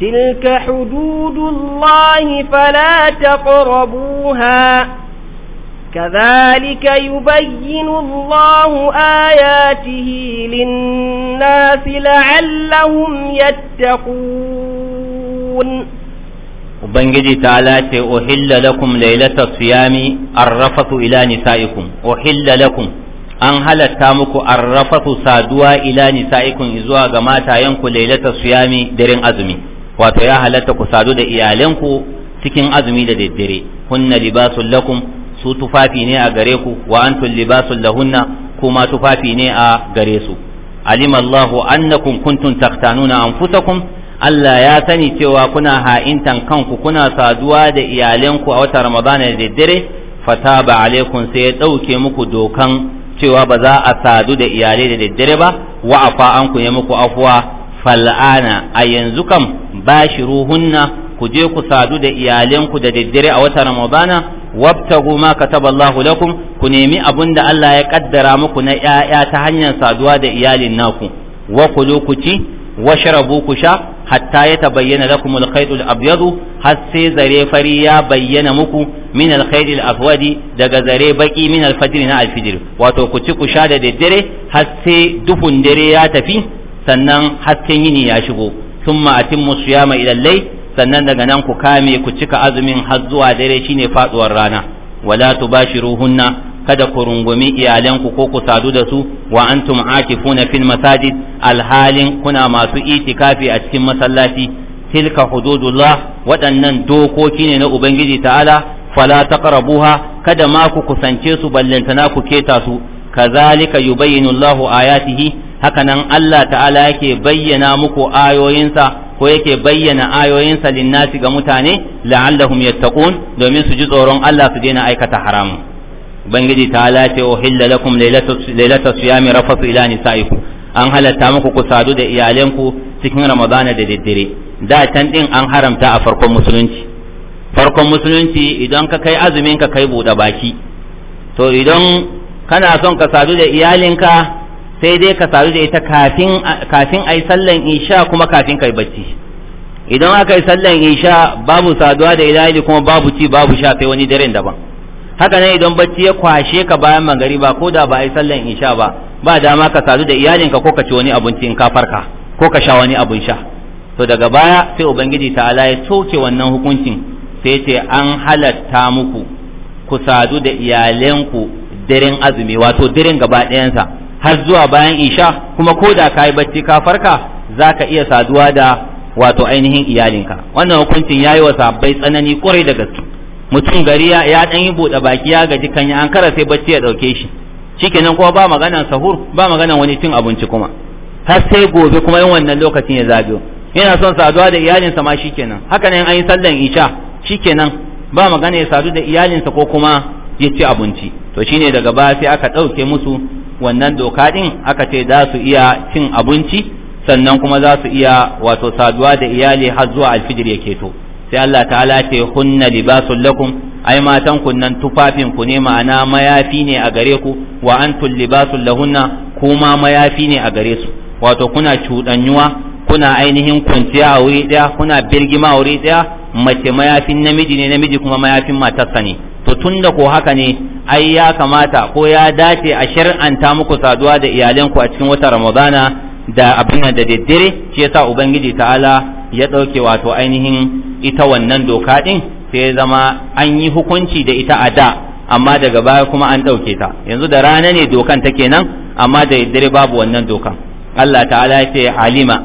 تلك حدود الله فلا تقربوها كذلك يبين الله آياته للناس لعلهم يتقون Ubangiji ta ce, Ohilla lakum lailatar siyami arrafatu ila nisa'ikum, Ohilla lakum an halatta muku arrafatu saduwa ila nisa'ikum zuwa ga matayenku lailatar siyami daren azumi. wato ya halatta ku sadu da iyalanku cikin azumi da daddare hunna libasul lakum su tufafi ne a gare ku wa antum libasul lahunna kuma tufafi ne a gare su alima Allah annakum kuntum taqtanuna anfusakum Allah ya sani cewa kuna ha'intan kanku kuna saduwa da iyalanku a watan Ramadan da daddare fataba alaikum sai ya dauke muku dokan cewa ba za a sadu da iyalai da daddare ba wa afa an ku muku afuwa. fal'ana a yanzu kam ruhunna ku je ku sadu da iyalanku da daddare a watan ramadana wabtagu ma kataballahu lakum ku nemi abun da Allah ya kaddara muku na ƴaƴa ta hanyar saduwa da iyalin naku wa kulu ku ci washrabu ku sha hatta ya tabayyana lakum al-khaytul abyadu har sai zare fari ya bayyana muku min al afwadi daga zare baki min al-fajr na al-fajr wato ku ci ku sha da daddare har sai duhun dare ya tafi sannan hasken yini ya shigo thumma atimmu siyama ya mai lallai sannan daga nan ku kame ku cika azumin har zuwa dare shine faduwar rana wala tubashiruhunna kada ku rungumi iyalanku ko ku sadu da su wa antum akifuna fil masajid alhalin kuna masu itikafi a cikin masallaci tilka hududullah waɗannan dokoki ne na ubangiji ta'ala fala taqrabuha kada ma ku kusance su ballantana ku keta su kazalika yubayyinu Allahu ayatihi hakanan Allah ta'ala yake bayyana muku ayoyinsa ko yake bayyana ayoyinsa linnasi ga mutane la'allahum yattaqun domin su ji tsoron Allah su daina aikata haramun ubangiji ta'ala ce uhilla lakum laylata siyami rafatu ila nisaikum an halatta muku ku sadu da iyalanku cikin ramadana da daddare da can din an haramta a farkon musulunci farkon musulunci idan ka kai azumin ka kai buɗe baki to idan kana son ka sadu da iyalinka sai dai ka sadu da ita kafin kafin ai sallan isha kuma kafin kai bacci idan aka yi sallan isha babu saduwa da ilahi kuma babu ci babu sha sai wani daren daban haka nan idan bacci ya kwashe ka bayan ba ko da ba ai sallan isha ba ba dama ka sadu da iyalinka ko ka ci wani abinci in ka farka ko ka sha wani abin sha to daga baya sai ubangiji ta'ala ya soke wannan hukuncin sai ce an halatta muku ku sadu da iyalanku daren azumi wato daren gaba ɗayansa har zuwa bayan isha kuma ko da ka yi bacci ka farka za ka iya saduwa da wato ainihin iyalinka wannan hukuncin ya yi wa sabbai tsanani kwarai da gaske mutum gari ya ɗan yi buɗe baki ya gaji kan an kara sai bacci ya ɗauke shi shikenan kuma ba maganan sahur ba maganan wani cin abinci kuma har sai gobe kuma yin wannan lokacin ya zagayo yana son saduwa da iyalinsa ma shikenan haka nan an yi sallan isha shikenan ba magana ya sadu da iyalinsa ko kuma ya ci abinci to shine daga baya sai aka ɗauke musu wannan doka ɗin aka ce za su iya cin abinci sannan kuma za su iya wato saduwa da iyali har zuwa alfijir ya keto sai Allah ta'ala ce hunna libasun lakum ai matan nan tufafin ku ne ma'ana mayafi ne a gare ku wa antul libasun lahunna kuma mayafi ne a gare su wato kuna cuɗanyuwa kuna ainihin kwanciya a wuri ɗaya kuna birgima a wuri ɗaya mace mayafin namiji ne namiji kuma mayafin matarsa ne to tun da ko haka ne ai ya kamata ko ya dace a shar'anta muku saduwa da iyalanku a cikin wata ramadana da abin da daddare shi yasa ubangiji ta'ala ya dauke wato ainihin ita wannan doka din sai zama an yi hukunci da ita a da amma daga baya kuma an dauke ta yanzu da rana ne dokan ta nan amma da daddare babu wannan dokan Allah ta'ala ya ce alima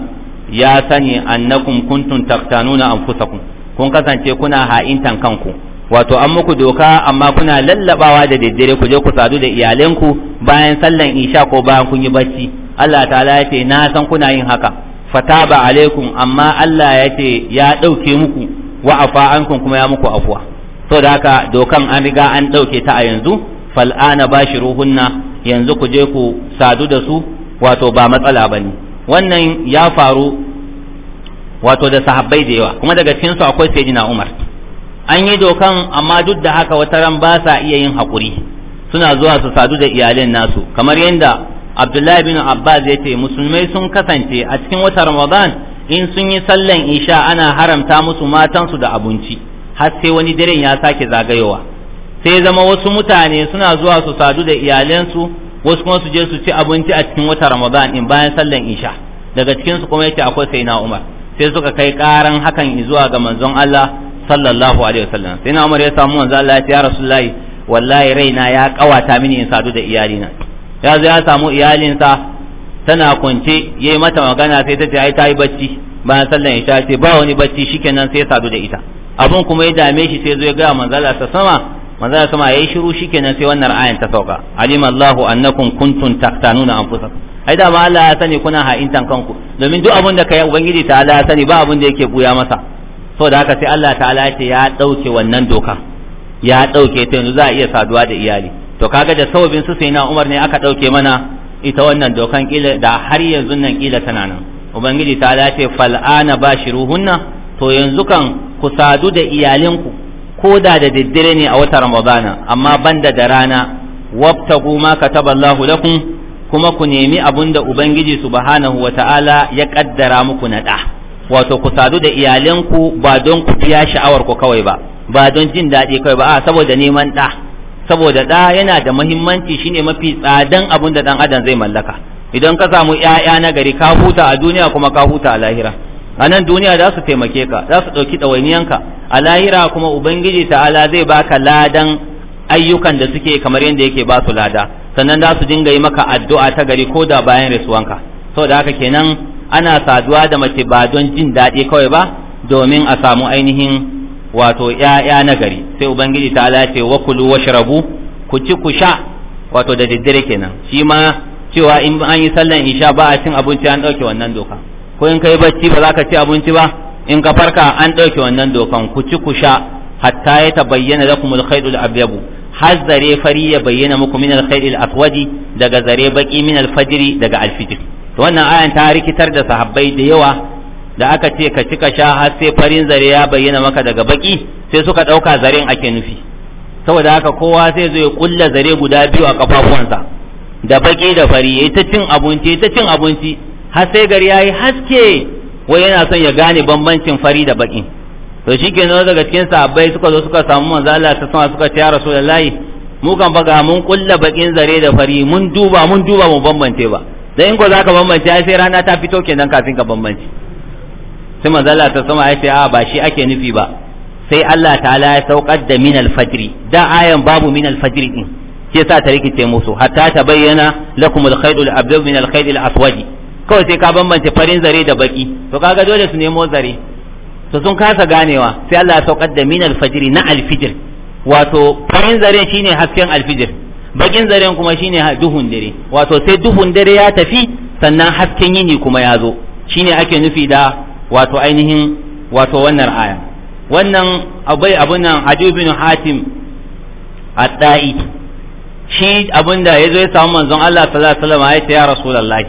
ya sani annakum kuntum taqtanuna anfusakum kun kasance kuna ha'intan kanku wato an muku doka amma kuna lallabawa da daddare ku je ku sadu da iyalanku bayan sallan isha ko bayan kun yi bacci Allah ta'ala ya na san kuna yin haka fataba alaikum amma Allah ya ce ya dauke muku wa afa ankum kuma ya muku afuwa to da haka dokan an riga an dauke ta a yanzu fal fal'ana bashiruhunna yanzu ku je ku sadu da su wato ba matsala bane wannan ya faru wato da sahabbai da yawa kuma daga cikin su akwai sayyidina Umar an yi dokan amma duk da haka wata ran ba sa iya yin haƙuri suna zuwa su sadu da iyalin nasu kamar yadda abdullahi bin abbas ya ce musulmai sun kasance a cikin watan ramadan in sun yi sallan isha ana haramta musu matansu da abinci har sai wani daren ya sake zagayowa sai zama wasu mutane suna zuwa su sadu da iyalansu wasu kuma su je su ci abinci a cikin watan ramadan in bayan sallan isha daga cikin su kuma yace akwai sai na umar sai suka kai karan hakan zuwa ga manzon Allah sallallahu alaihi wasallam sai na umar ya samu manzo Allah ya ce ya rasulullahi wallahi raina ya kawata mini in sadu da iyalina ya zo ya samu iyalinsa tana kwance yayi mata magana sai ta ce ai ta yi bacci bayan sallan isha ce ba wani bacci shikenan sai ya sadu da ita abun kuma ya dame shi sai zo ya ga manzo Allah sama manzo Allah sama yayi shiru shikenan sai wannan ayan ta sauka alima Allahu annakum kuntum taqtanuna anfusakum ai da ma Allah ya sani kuna ha'intan kanku domin duk abun da kai ubangiji ta Allah ya sani ba abun da yake buya masa da haka sai Allah ta'ala ce ya dauke wannan doka ya dauke ta yanzu za a iya saduwa da iyali to kaga da sababin su sai na Umar ne aka dauke mana ita wannan dokan kila da har yanzu nan kila tana nan ubangiji ta'ala ce fal'ana bashiruhunna to yanzu kan ku sadu da iyalinku ko da da daddare ne a wata ramadana amma banda da rana wabtagu ma Allahu lakum kuma ku nemi da ubangiji subhanahu wata'ala ya kaddara muku na da wato ku sadu da iyalanku ba don ku biya sha'awar ku kawai ba ba don jin daɗi kawai ba a saboda neman ɗa saboda ɗa yana da muhimmanci shine mafi tsadan abin da ɗan adam zai mallaka idan ka samu 'ya'ya na gari ka huta a duniya kuma ka huta a lahira a nan duniya za su taimake ka za su ɗauki ka a lahira kuma ubangiji ta'ala zai baka ladan ayyukan da suke kamar yadda yake ba su lada sannan za su dinga yi maka addu'a ta gari ko da bayan rasuwanka saboda haka kenan ana saduwa da mace ba don jin daɗi kawai ba domin a samu ainihin wato ‘ya'ya na gari sai ubangiji ta ala ce wa kulu wa shirabu ku ci ku sha wato da daddare kenan shi ma cewa in an yi sallan isha ba a cin abinci an ɗauke wannan doka ko in kai bacci ba za ka ci abinci ba in ka farka an ɗauke wannan dokan ku ci ku sha hatta ya tabayyana da al-khaydul abyabu har zare fari ya bayyana muku min al aswadi daga zare baki min al daga al to wannan ayan ta rikitar da sahabbai da yawa da aka ce ka cika sha har sai farin zare ya bayyana maka daga baki sai suka ɗauka zaren ake nufi saboda haka kowa sai zai kulla zare guda biyu a kafafuwansa da baki da fari ya ta cin abinci ta cin abinci har sai gari ya haske wai yana son ya gane bambancin fari da baki to shikenan daga cikin sahabbai suka zo suka samu manzo Allah ta sama suka ce ya rasulullahi mu kan baga mun kulla bakin zare da fari mun duba mun duba mu bambance ba dan in ko zaka bambance ai sai rana ta fito kenan kafin ka bambance sai manzo ta sama ai sai a ba shi ake nufi ba sai Allah ta'ala ya saukar da min al-fajr da ayan babu min al-fajr din sai sa ta rikice musu hatta ta bayyana lakum al-khayl al-abyad min al al-aswad kawai sai ka bambance farin zare da baki to kaga dole su nemo zare to sun kasa ganewa sai Allah ya saukar da min al-fajr na al-fajr wato farin zare shine hasken al-fajr bakin zaren kuma shine duhun dare wato sai duhun dare ya tafi sannan hasken yini kuma ya zo shine ake nufi da wato ainihin wato wannan aya wannan abai abun nan Adi bin Hatim addai dai shi abun da yazo ya samu manzon Allah sallallahu alaihi wasallam ya ya Rasulullah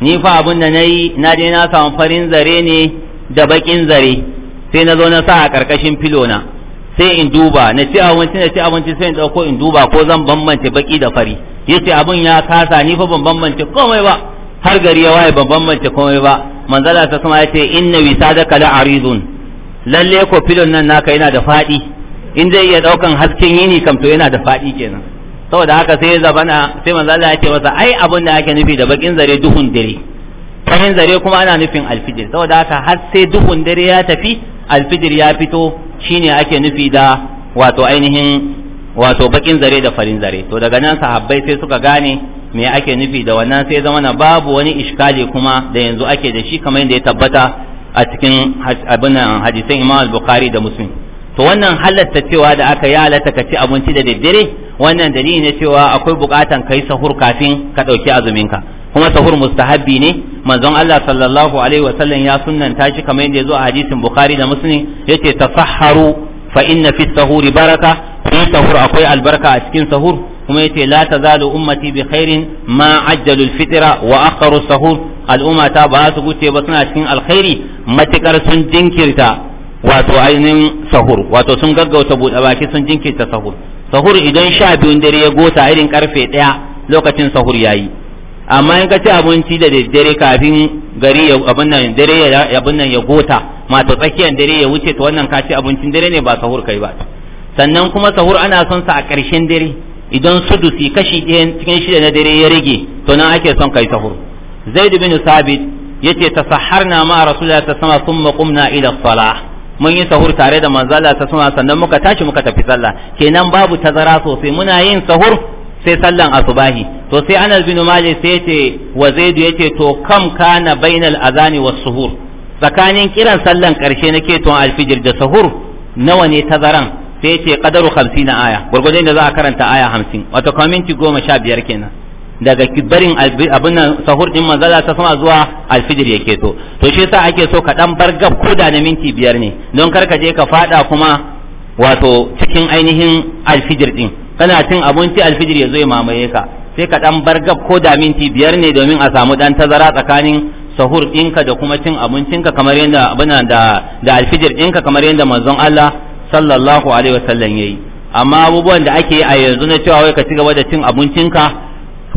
ni fa abun da nayi na je na samu farin zare ne da bakin zare sai na zo na sa a karkashin filona sai in duba na ci abinci na ci abinci sai in dauko in duba ko zan bambance baki da fari yace abun ya kasa ni fa ban bambance komai ba har gari ya waye ban bambance komai ba manzala ta kuma yace inna wisadaka la aridun lalle ko filon nan naka yana da fadi in zai iya daukan hasken yini kam to yana da fadi kenan saboda haka sai zabana sai manzala ya ce masa ai abun da ake nufi da bakin zare duhun dare farin zare kuma ana nufin alfijir saboda haka har sai duhun dare ya tafi alfijir ya fito shine ake nufi da wato ainihin wato bakin zare da farin zare to daga nan sahabbai sai suka gane me ake nufi da wannan sai zama na babu wani iskali kuma da yanzu ake da shi kamar yadda ya tabbata a cikin abin hadisan Imam al-Bukhari da Muslim to wannan halatta cewa da aka yi halatta ka ci abinci da daddare wannan dalili ne cewa akwai bukatan kai sahur kafin ka dauki azuminka kuma sahur mustahabbi ne manzon Allah sallallahu alaihi wasallam ya sunnanta shi kamar yadda yazo a hadisin Bukhari da Muslim yace tasahharu fa inna fi sahuri baraka fi sahur akwai albarka a cikin sahur kuma yace la tazalu ummati bi khairin ma ajjalu alfitra wa akharu sahur al'umma ta ba su guce ba suna cikin alkhairi matikar sun jinkirta wato ainihin sahur wato sun gaggauta buɗe baki sun jinkirta sahur sahur idan sha biyun dare ya gota irin karfe ɗaya lokacin sahur ya yi amma in ka ci abinci da dare kafin gari abin nan dare ya gota mato tsakiyar dare ya wuce ta wannan ka ci abincin dare ne ba sahur kai ba sannan kuma sahur ana son sa a ƙarshen dare idan sudusi kashi ɗaya cikin shida na dare ya rage to nan ake son kai sahur zaid bin sabit yace tasaharna ma rasulullahi sallallahu alaihi wasallam thumma qumna ila salah mun yi sahur tare da manzala ta suna sannan muka tashi muka tafi sallah kenan babu tazara sosai muna yin sahur sai sallan asubahi to sai Anas bin Malik sai yace wa Zaid yace to kam kana bainal azani was suhur tsakanin kiran sallan karshe nake to alfijir da sahur nawa ne tazaran sai yace qadaru 50 aya gurgurdan da za a karanta aya 50 wato sha 15 kenan daga barin abin nan sahur din manzala ta sama zuwa alfijir yake to to shi yasa ake so ka dan bar gab ko na minti biyar ne don kar ka je ka fada kuma wato cikin ainihin alfijir din kana cin abinci alfijir ya zo ya mamaye ka sai ka dan bar gab ko minti biyar ne domin a samu dan tazara tsakanin sahur ɗinka da kuma cin abincinka kamar yadda abin da da alfijir ɗinka kamar yadda manzon Allah sallallahu alaihi wasallam yayi amma abubuwan da ake yi a yanzu na cewa wai ka ci gaba da cin abincinka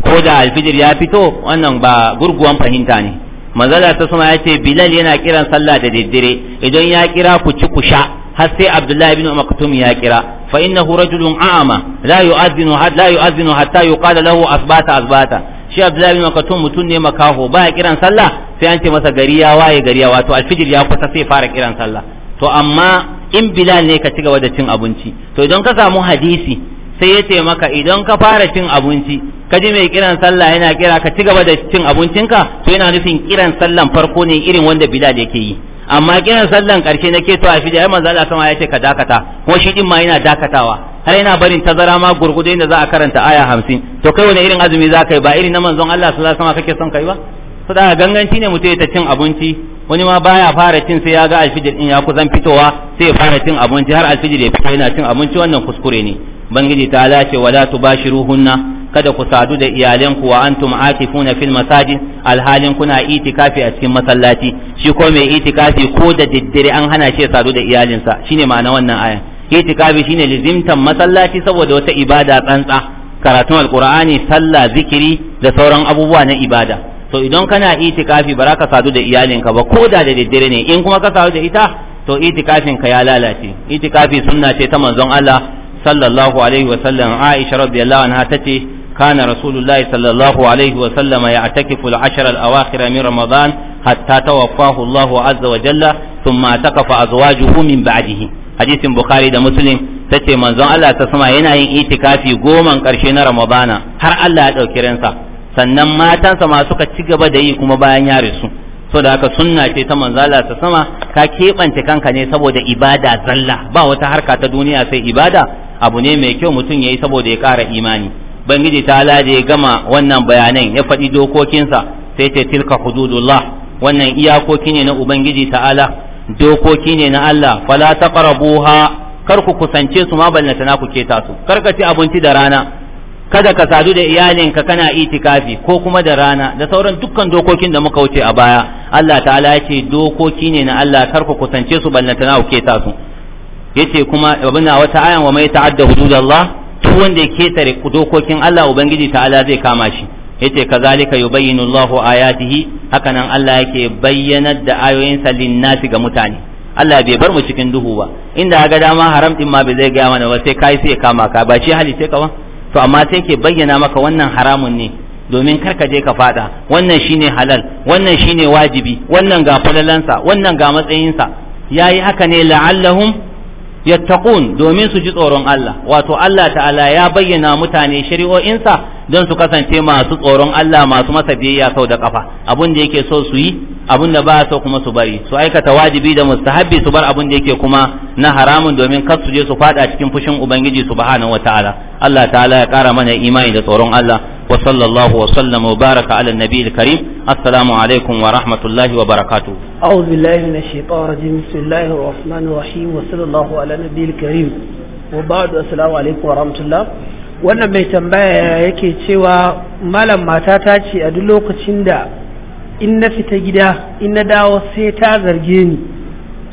ko da alfijir ya fito wannan ba gurguwan fahimta ne manzala ta suma ya ce bilal yana kiran sallah da daddare idan ya kira ku ci ku sha har sai abdullahi bin maktum ya kira fa innahu rajulun a'ama la yu'adhinu la yu'adhinu hatta yuqala lahu asbata asbata shi abdullahi bin maktum mutun ne makaho ba ya kiran sallah sai an ce masa gari ya waye gari ya wato alfijir ya kusa sai fara kiran sallah to amma in bilal ne ka ci gaba da cin abinci to idan ka samu hadisi sai ya ce maka idan ka fara cin abinci ka ji mai kiran sallah yana kira ka ci gaba da cin abincinka to yana nufin kiran sallan farko ne irin wanda bilal yake yi amma kiran sallan karshe na keto a fidda ya manzo Allah sama ya ce ka dakata kuma shi din ma yana dakatawa har yana barin tazara ma gurgudu inda za a karanta aya hamsin to kai wani irin azumi za ka yi ba irin na manzon Allah sallallahu alaihi wasallam kake son kai ba sai da ganganci ne mutum ta cin abinci wani ma baya fara cin sai ya ga alfijir din ya kusan fitowa sai ya fara cin abinci har alfijir ya fito yana cin abinci wannan kuskure ne ubangiji ta lace wala ruhunna kada ku sadu da iyalanku wa antum akifuna fil masajid alhalin kuna itikafi a cikin masallaci shi ko mai itikafi ko da daddare an hana shi sadu da iyalinsa shine ma'ana wannan aya itikafi shine lizimtan masallaci saboda wata ibada tsantsa karatun alqur'ani sallah zikiri da sauran abubuwa na ibada to idan kana itikafi bara ka sadu da iyalinka ba ko da da daddare ne in kuma ka sadu da ita to itikafin ka ya lalace itikafi sunna ce ta manzon Allah sallallahu alaihi wa sallam Aisha radiyallahu anha tace kana rasulullahi sallallahu alaihi wa sallama ya'takifu al-ashara al-awakhir min ramadan hatta tawaffahu Allah azza wa jalla thumma taqafa azwajuhu min ba'dihi hadisin bukhari da muslim tace manzon Allah ta sama yana yin itikafi goman karshe na ramadana har Allah ya dauki ransa sannan matansa ma suka ci gaba da yi kuma bayan ya rasu so da haka sunna ce ta manzala ta sama ka keɓance kanka ne saboda ibada zalla ba wata harka ta duniya sai ibada abu ne mai kyau mutum ya yi saboda ya ƙara imani bangiji ta da ya gama wannan bayanan ya faɗi dokokinsa sai ce tilka hududullah wannan iyakoki ne na ubangiji ta'ala dokoki ne na Allah fala taqrabuha kar ku kusance su ma ballanta na ku keta su kar ka ci abinci da rana kada ka sadu da iyalinka kana itikafi ko kuma da rana da sauran dukkan dokokin da muka wuce a baya Allah ta'ala ya ce dokoki ne na Allah kar ku kusance su ballanta na ku keta su yace kuma abin wata ayan wa mai ta'adda hududallah duk wanda ya ketare dokokin Allah ubangiji ta'ala zai kama shi yace kazalika yubayyinu Allahu ayatihi hakanan Allah yake bayyanar da ayoyinsa linnasi ga mutane Allah bai bar mu cikin duhu ba inda ga dama haram din ma bai zai ga mana ba sai kai sai kama ka ba shi hali sai ka ba to amma sai ke bayyana maka wannan haramun ne domin kar ka je ka fada wannan shine halal wannan shine wajibi wannan ga falalansa wannan ga matsayinsa yayi haka ne la'allahum yattaqun domin su ji tsoron Allah wato Allah ta'ala ya bayyana mutane shari'o'insa don su kasance masu tsoron Allah masu masa biyayya sau da kafa abin da yake so su yi abin da ba so kuma su bari su aikata wajibi da mustahabbi su bar abin da yake kuma na haramun domin kar su je su fada cikin fushin ubangiji subhanahu wataala Allah ta'ala ya kara mana imani da tsoron Allah وصلى الله وسلم وبارك على النبي الكريم السلام عليكم ورحمة الله وبركاته أعوذ بالله من الشيطان الرجيم بسم الله الرحمن الرحيم وصلى الله على النبي الكريم وبعد السلام عليكم ورحمة الله wannan mai tambaya yake cewa malam matata ce a duk lokacin da in na fita gida in na dawo sai ta zarge ni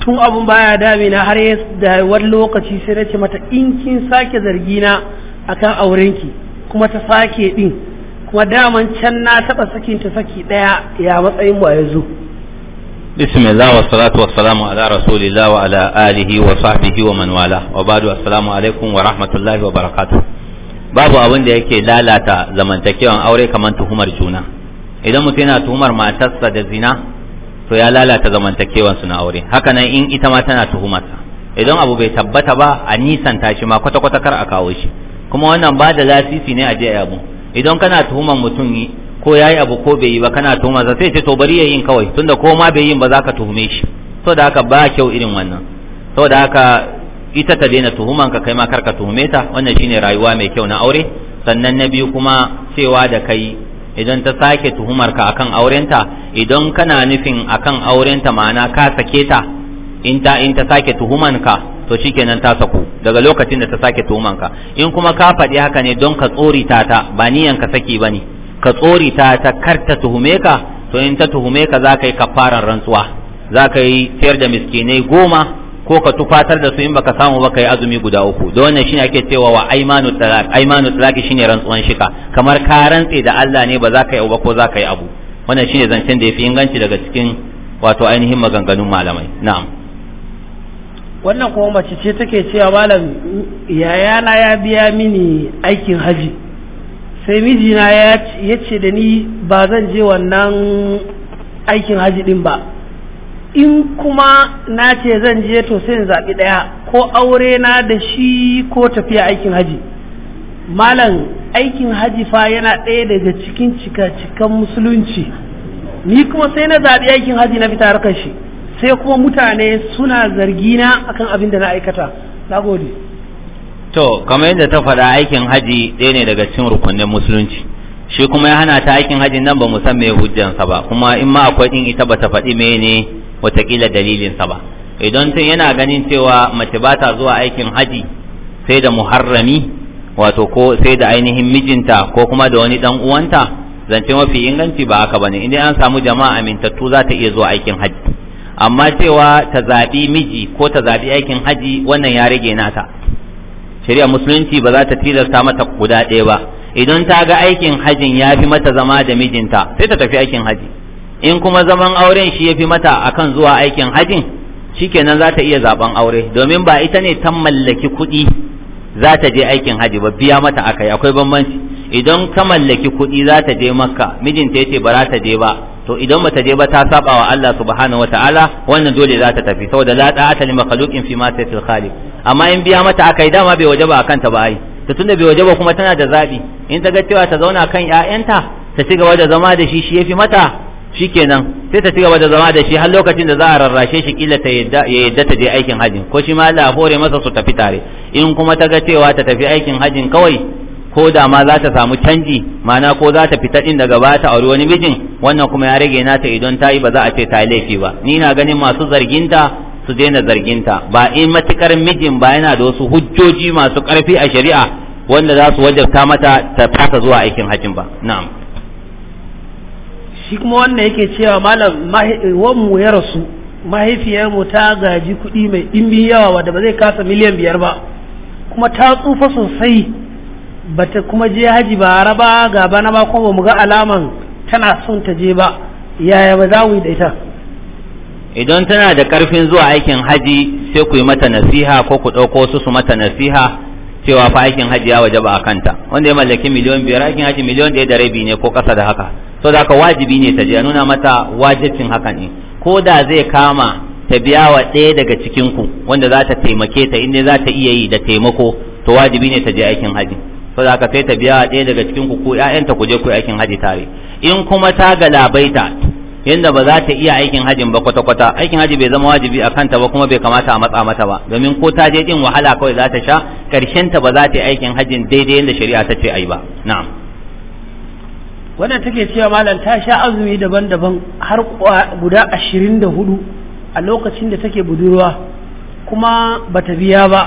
tun abun baya damina har da wani lokaci sai na ce mata in kin sake zargina akan aurenki kuma ta sake din kuma daman can na taɓa sakin ta saki ɗaya ya matsayin ba ya zo بسم الله والصلاة ala على رسول الله wa آله wa ومن والاه وبعد alaikum wa ورحمة wa وبركاته babu abin da yake lalata zamantakewan aure kamar tuhumar juna idan mutum yana tuhumar matarsa da zina to ya lalata zamantakewan su na aure haka nan in ita ma tana tuhumarsa idan abu bai tabbata ba a nisan tashi ma kwata kwata kar a kawo shi kuma wannan ba da lasisi ne a je abu idan kana tuhuman mutum yi ko yayi abu ko bai yi ba kana tuhuma sa sai ce to bari ya yi kawai tunda ko ma bai yi ba za ka tuhume shi saboda haka ba kyau irin wannan saboda haka ita ta daina tuhuman ka kai ma kar ka tuhume ta wannan shine rayuwa mai kyau na aure sannan na biyu kuma cewa da kai idan ta sake tuhumar ka akan aurenta idan kana nufin akan aurenta ma'ana ka sake ta in ta in ta sake tuhuman ka to shikenan ta sako daga lokacin da ta sake tumanka in kuma ka faɗi haka ne don ka tsorita ta ba niyan ka saki bane ka tsorita ta kar ta tuhume ka to in ta tuhume ka za ka yi kafaran rantsuwa za ka yi tayar da miskinai goma ko ka tufatar da su in baka samu ba ka yi azumi guda uku da wannan shine ake cewa wa aimanu talaq aimanu talaq shine rantsuwan shika kamar ka rantse da Allah ne ba za ka yi ba ko za ka yi abu wannan shine zancen da yafi inganci daga cikin wato ainihin maganganun malamai na'am wannan kuma mace ce take cewa malam yayana ya biya mini aikin haji sai mijina ya ce da ni ba zan je wannan aikin haji din ba in kuma na ce zan je to sai in zaɓi ɗaya ko aure na da shi ko tafiya aikin haji malam aikin haji fa yana ɗaya daga cikin cika-cikan musulunci ni kuma sai na zaɓi aikin haji na fita harkar shi sai kuma mutane suna zargina akan abin da na aikata na gode to kamar yadda ta faɗa aikin haji ɗaya ne daga cikin rukunin musulunci shi kuma ya hana ta aikin haji nan ba mu san me hujjansa ba kuma in ma akwai in ita ba ta faɗi ne watakila dalilinsa ba idan tun yana ganin cewa mace ba ta zuwa aikin haji sai da muharrami wato ko sai da ainihin mijinta ko kuma da wani dan uwanta zance mafi inganci ba haka bane idan an samu jama'a amintattu za ta iya zuwa aikin haji amma cewa ta zaɓi miji ko ta zaɓi aikin haji wannan ya rage nata shari'a musulunci ba za ta tilasta mata guda ɗaya ba idan ta ga aikin hajin ya fi mata zama da mijinta sai ta tafi aikin haji in kuma zaman auren shi ya fi mata akan zuwa aikin hajin shikenan za ta iya zaɓen aure domin ba ita ne ta mallaki kuɗi za ta je aikin haji ba biya mata akai akwai bambanci idan ka mallaki kuɗi za ta je makka mijinta ce ba za ta je ba to idan ba ta je ba ta saba wa Allah subhanahu wataala wannan dole za ta tafi saboda la ta li makhluqin fi ma sayyidil khaliq amma in biya mata akai dama bai wajaba akan ta ba ai to tunda bai wajaba kuma tana da zabi in ta ga cewa ta zauna kan ƴaƴanta ta ci gaba da zama da shi shi yafi mata shikenan sai ta ci gaba da zama da shi har lokacin da za a rarrashe shi kila ta yadda ya yadda ta je aikin hajjin ko shi ma Allah hore masa su tafi tare in kuma ta ga cewa ta tafi aikin hajjin kawai ko da ma za ta samu canji mana ko za ta fita din daga bata ta auri wani mijin wannan kuma ya rage nata idan ta yi ba za a ce ta laifi ba ni na ganin masu zarginta su daina zarginta ba in matukar mijin ba yana da wasu hujjoji masu karfi a shari'a wanda za su wajabta mata ta fasa zuwa aikin hajjin ba na'am shi kuma wannan yake cewa malam mu ya rasu mahaifiyarmu ta gaji kuɗi mai ɗimbin yawa wadda ba zai kasa miliyan biyar ba kuma ta tsufa sosai ba ta kuma je haji ba raba ga bana ba kuma mu ga alaman tana son ta je ba yaya ba za mu yi da ita idan tana da karfin zuwa aikin haji sai ku yi mata nasiha ko ku ɗauko su su mata nasiha cewa fa aikin haji ya waje ba a kanta wanda ya mallaki miliyon biyar aikin haji miliyon ɗaya da rabi ne ko ƙasa da haka so da haka wajibi ne ta je a nuna mata wajibcin haka ne ko da zai kama ta biya wa ɗaya daga cikin ku wanda za ta taimake ta inda za ta iya yi da taimako to wajibi ne ta je aikin haji da aka sai ta biya ɗaya daga cikin ku ko ƴaƴanta ku je ku aikin haji tare in kuma ta galabaita yadda ba za ta iya aikin hajin ba kwata kwata aikin haji bai zama wajibi a kanta ba kuma bai kamata a matsa mata ba domin ko ta je ɗin wahala kawai za ta sha karshen ta ba za ta yi aikin hajin daidai yadda shari'a ta ce ai ba na'am wannan take cewa malam ta sha azumi daban-daban har guda ashirin da hudu a lokacin da take budurwa kuma bata biya ba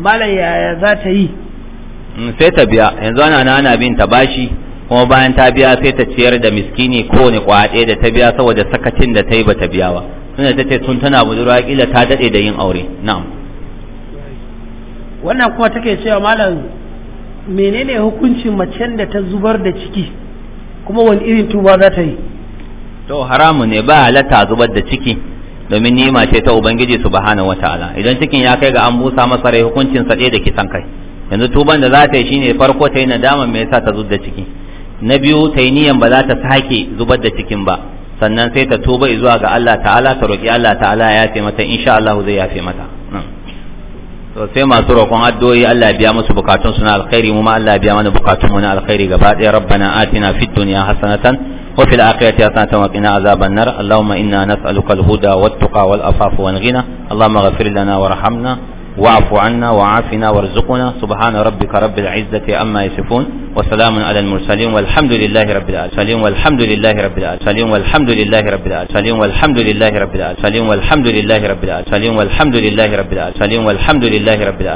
malam yaya za ta yi Mm, sai ta biya yanzu ana na bin ta bashi kuma bayan ta biya sai ta ciyar da miskini kowane kwaɗe da ta biya saboda sakacin da ta yi ba ta biya ba suna ta ce tun tana budurwa kila ta daɗe da yin aure na'am wannan kuma take cewa malam menene hukuncin mace da ta zubar da ciki kuma wani irin tuba za ta yi to haramu ne ba halatta zubar da ciki domin nima ce ta ubangiji subhanahu wataala idan cikin ya kai ga an busa masa rai hukuncin sa da kisan kai yanzu tuban da za ta yi shine farko ta yi nadama me yasa ta da ciki na biyu ta yi niyan ba za ta sake zubar da cikin ba sannan sai ta tuba zuwa ga Allah ta'ala ta roƙi Allah ta'ala ya yafe mata insha Allah zai yafe mata hmm. to sai masu roƙon addu'o'i Allah ya biya musu bukatun suna na alkhairi mu ma Allah ya biya mana bukatun mu na alkhairi gaba ɗaya rabbana atina fid dunya hasanatan وفي الآخرة حسنة وقنا عذاب النار اللهم إنا نسألك الهدى والتقى والأفاف والغنى اللهم اغفر لنا warhamna. واعف عنا وعافنا وارزقنا سبحان ربك رب العزة أما يصفون وسلام على المرسلين والحمد لله رب العالمين والحمد لله رب العالمين والحمد لله رب العالمين والحمد لله رب العالمين والحمد لله رب العالمين والحمد لله رب العالمين والحمد لله رب العالمين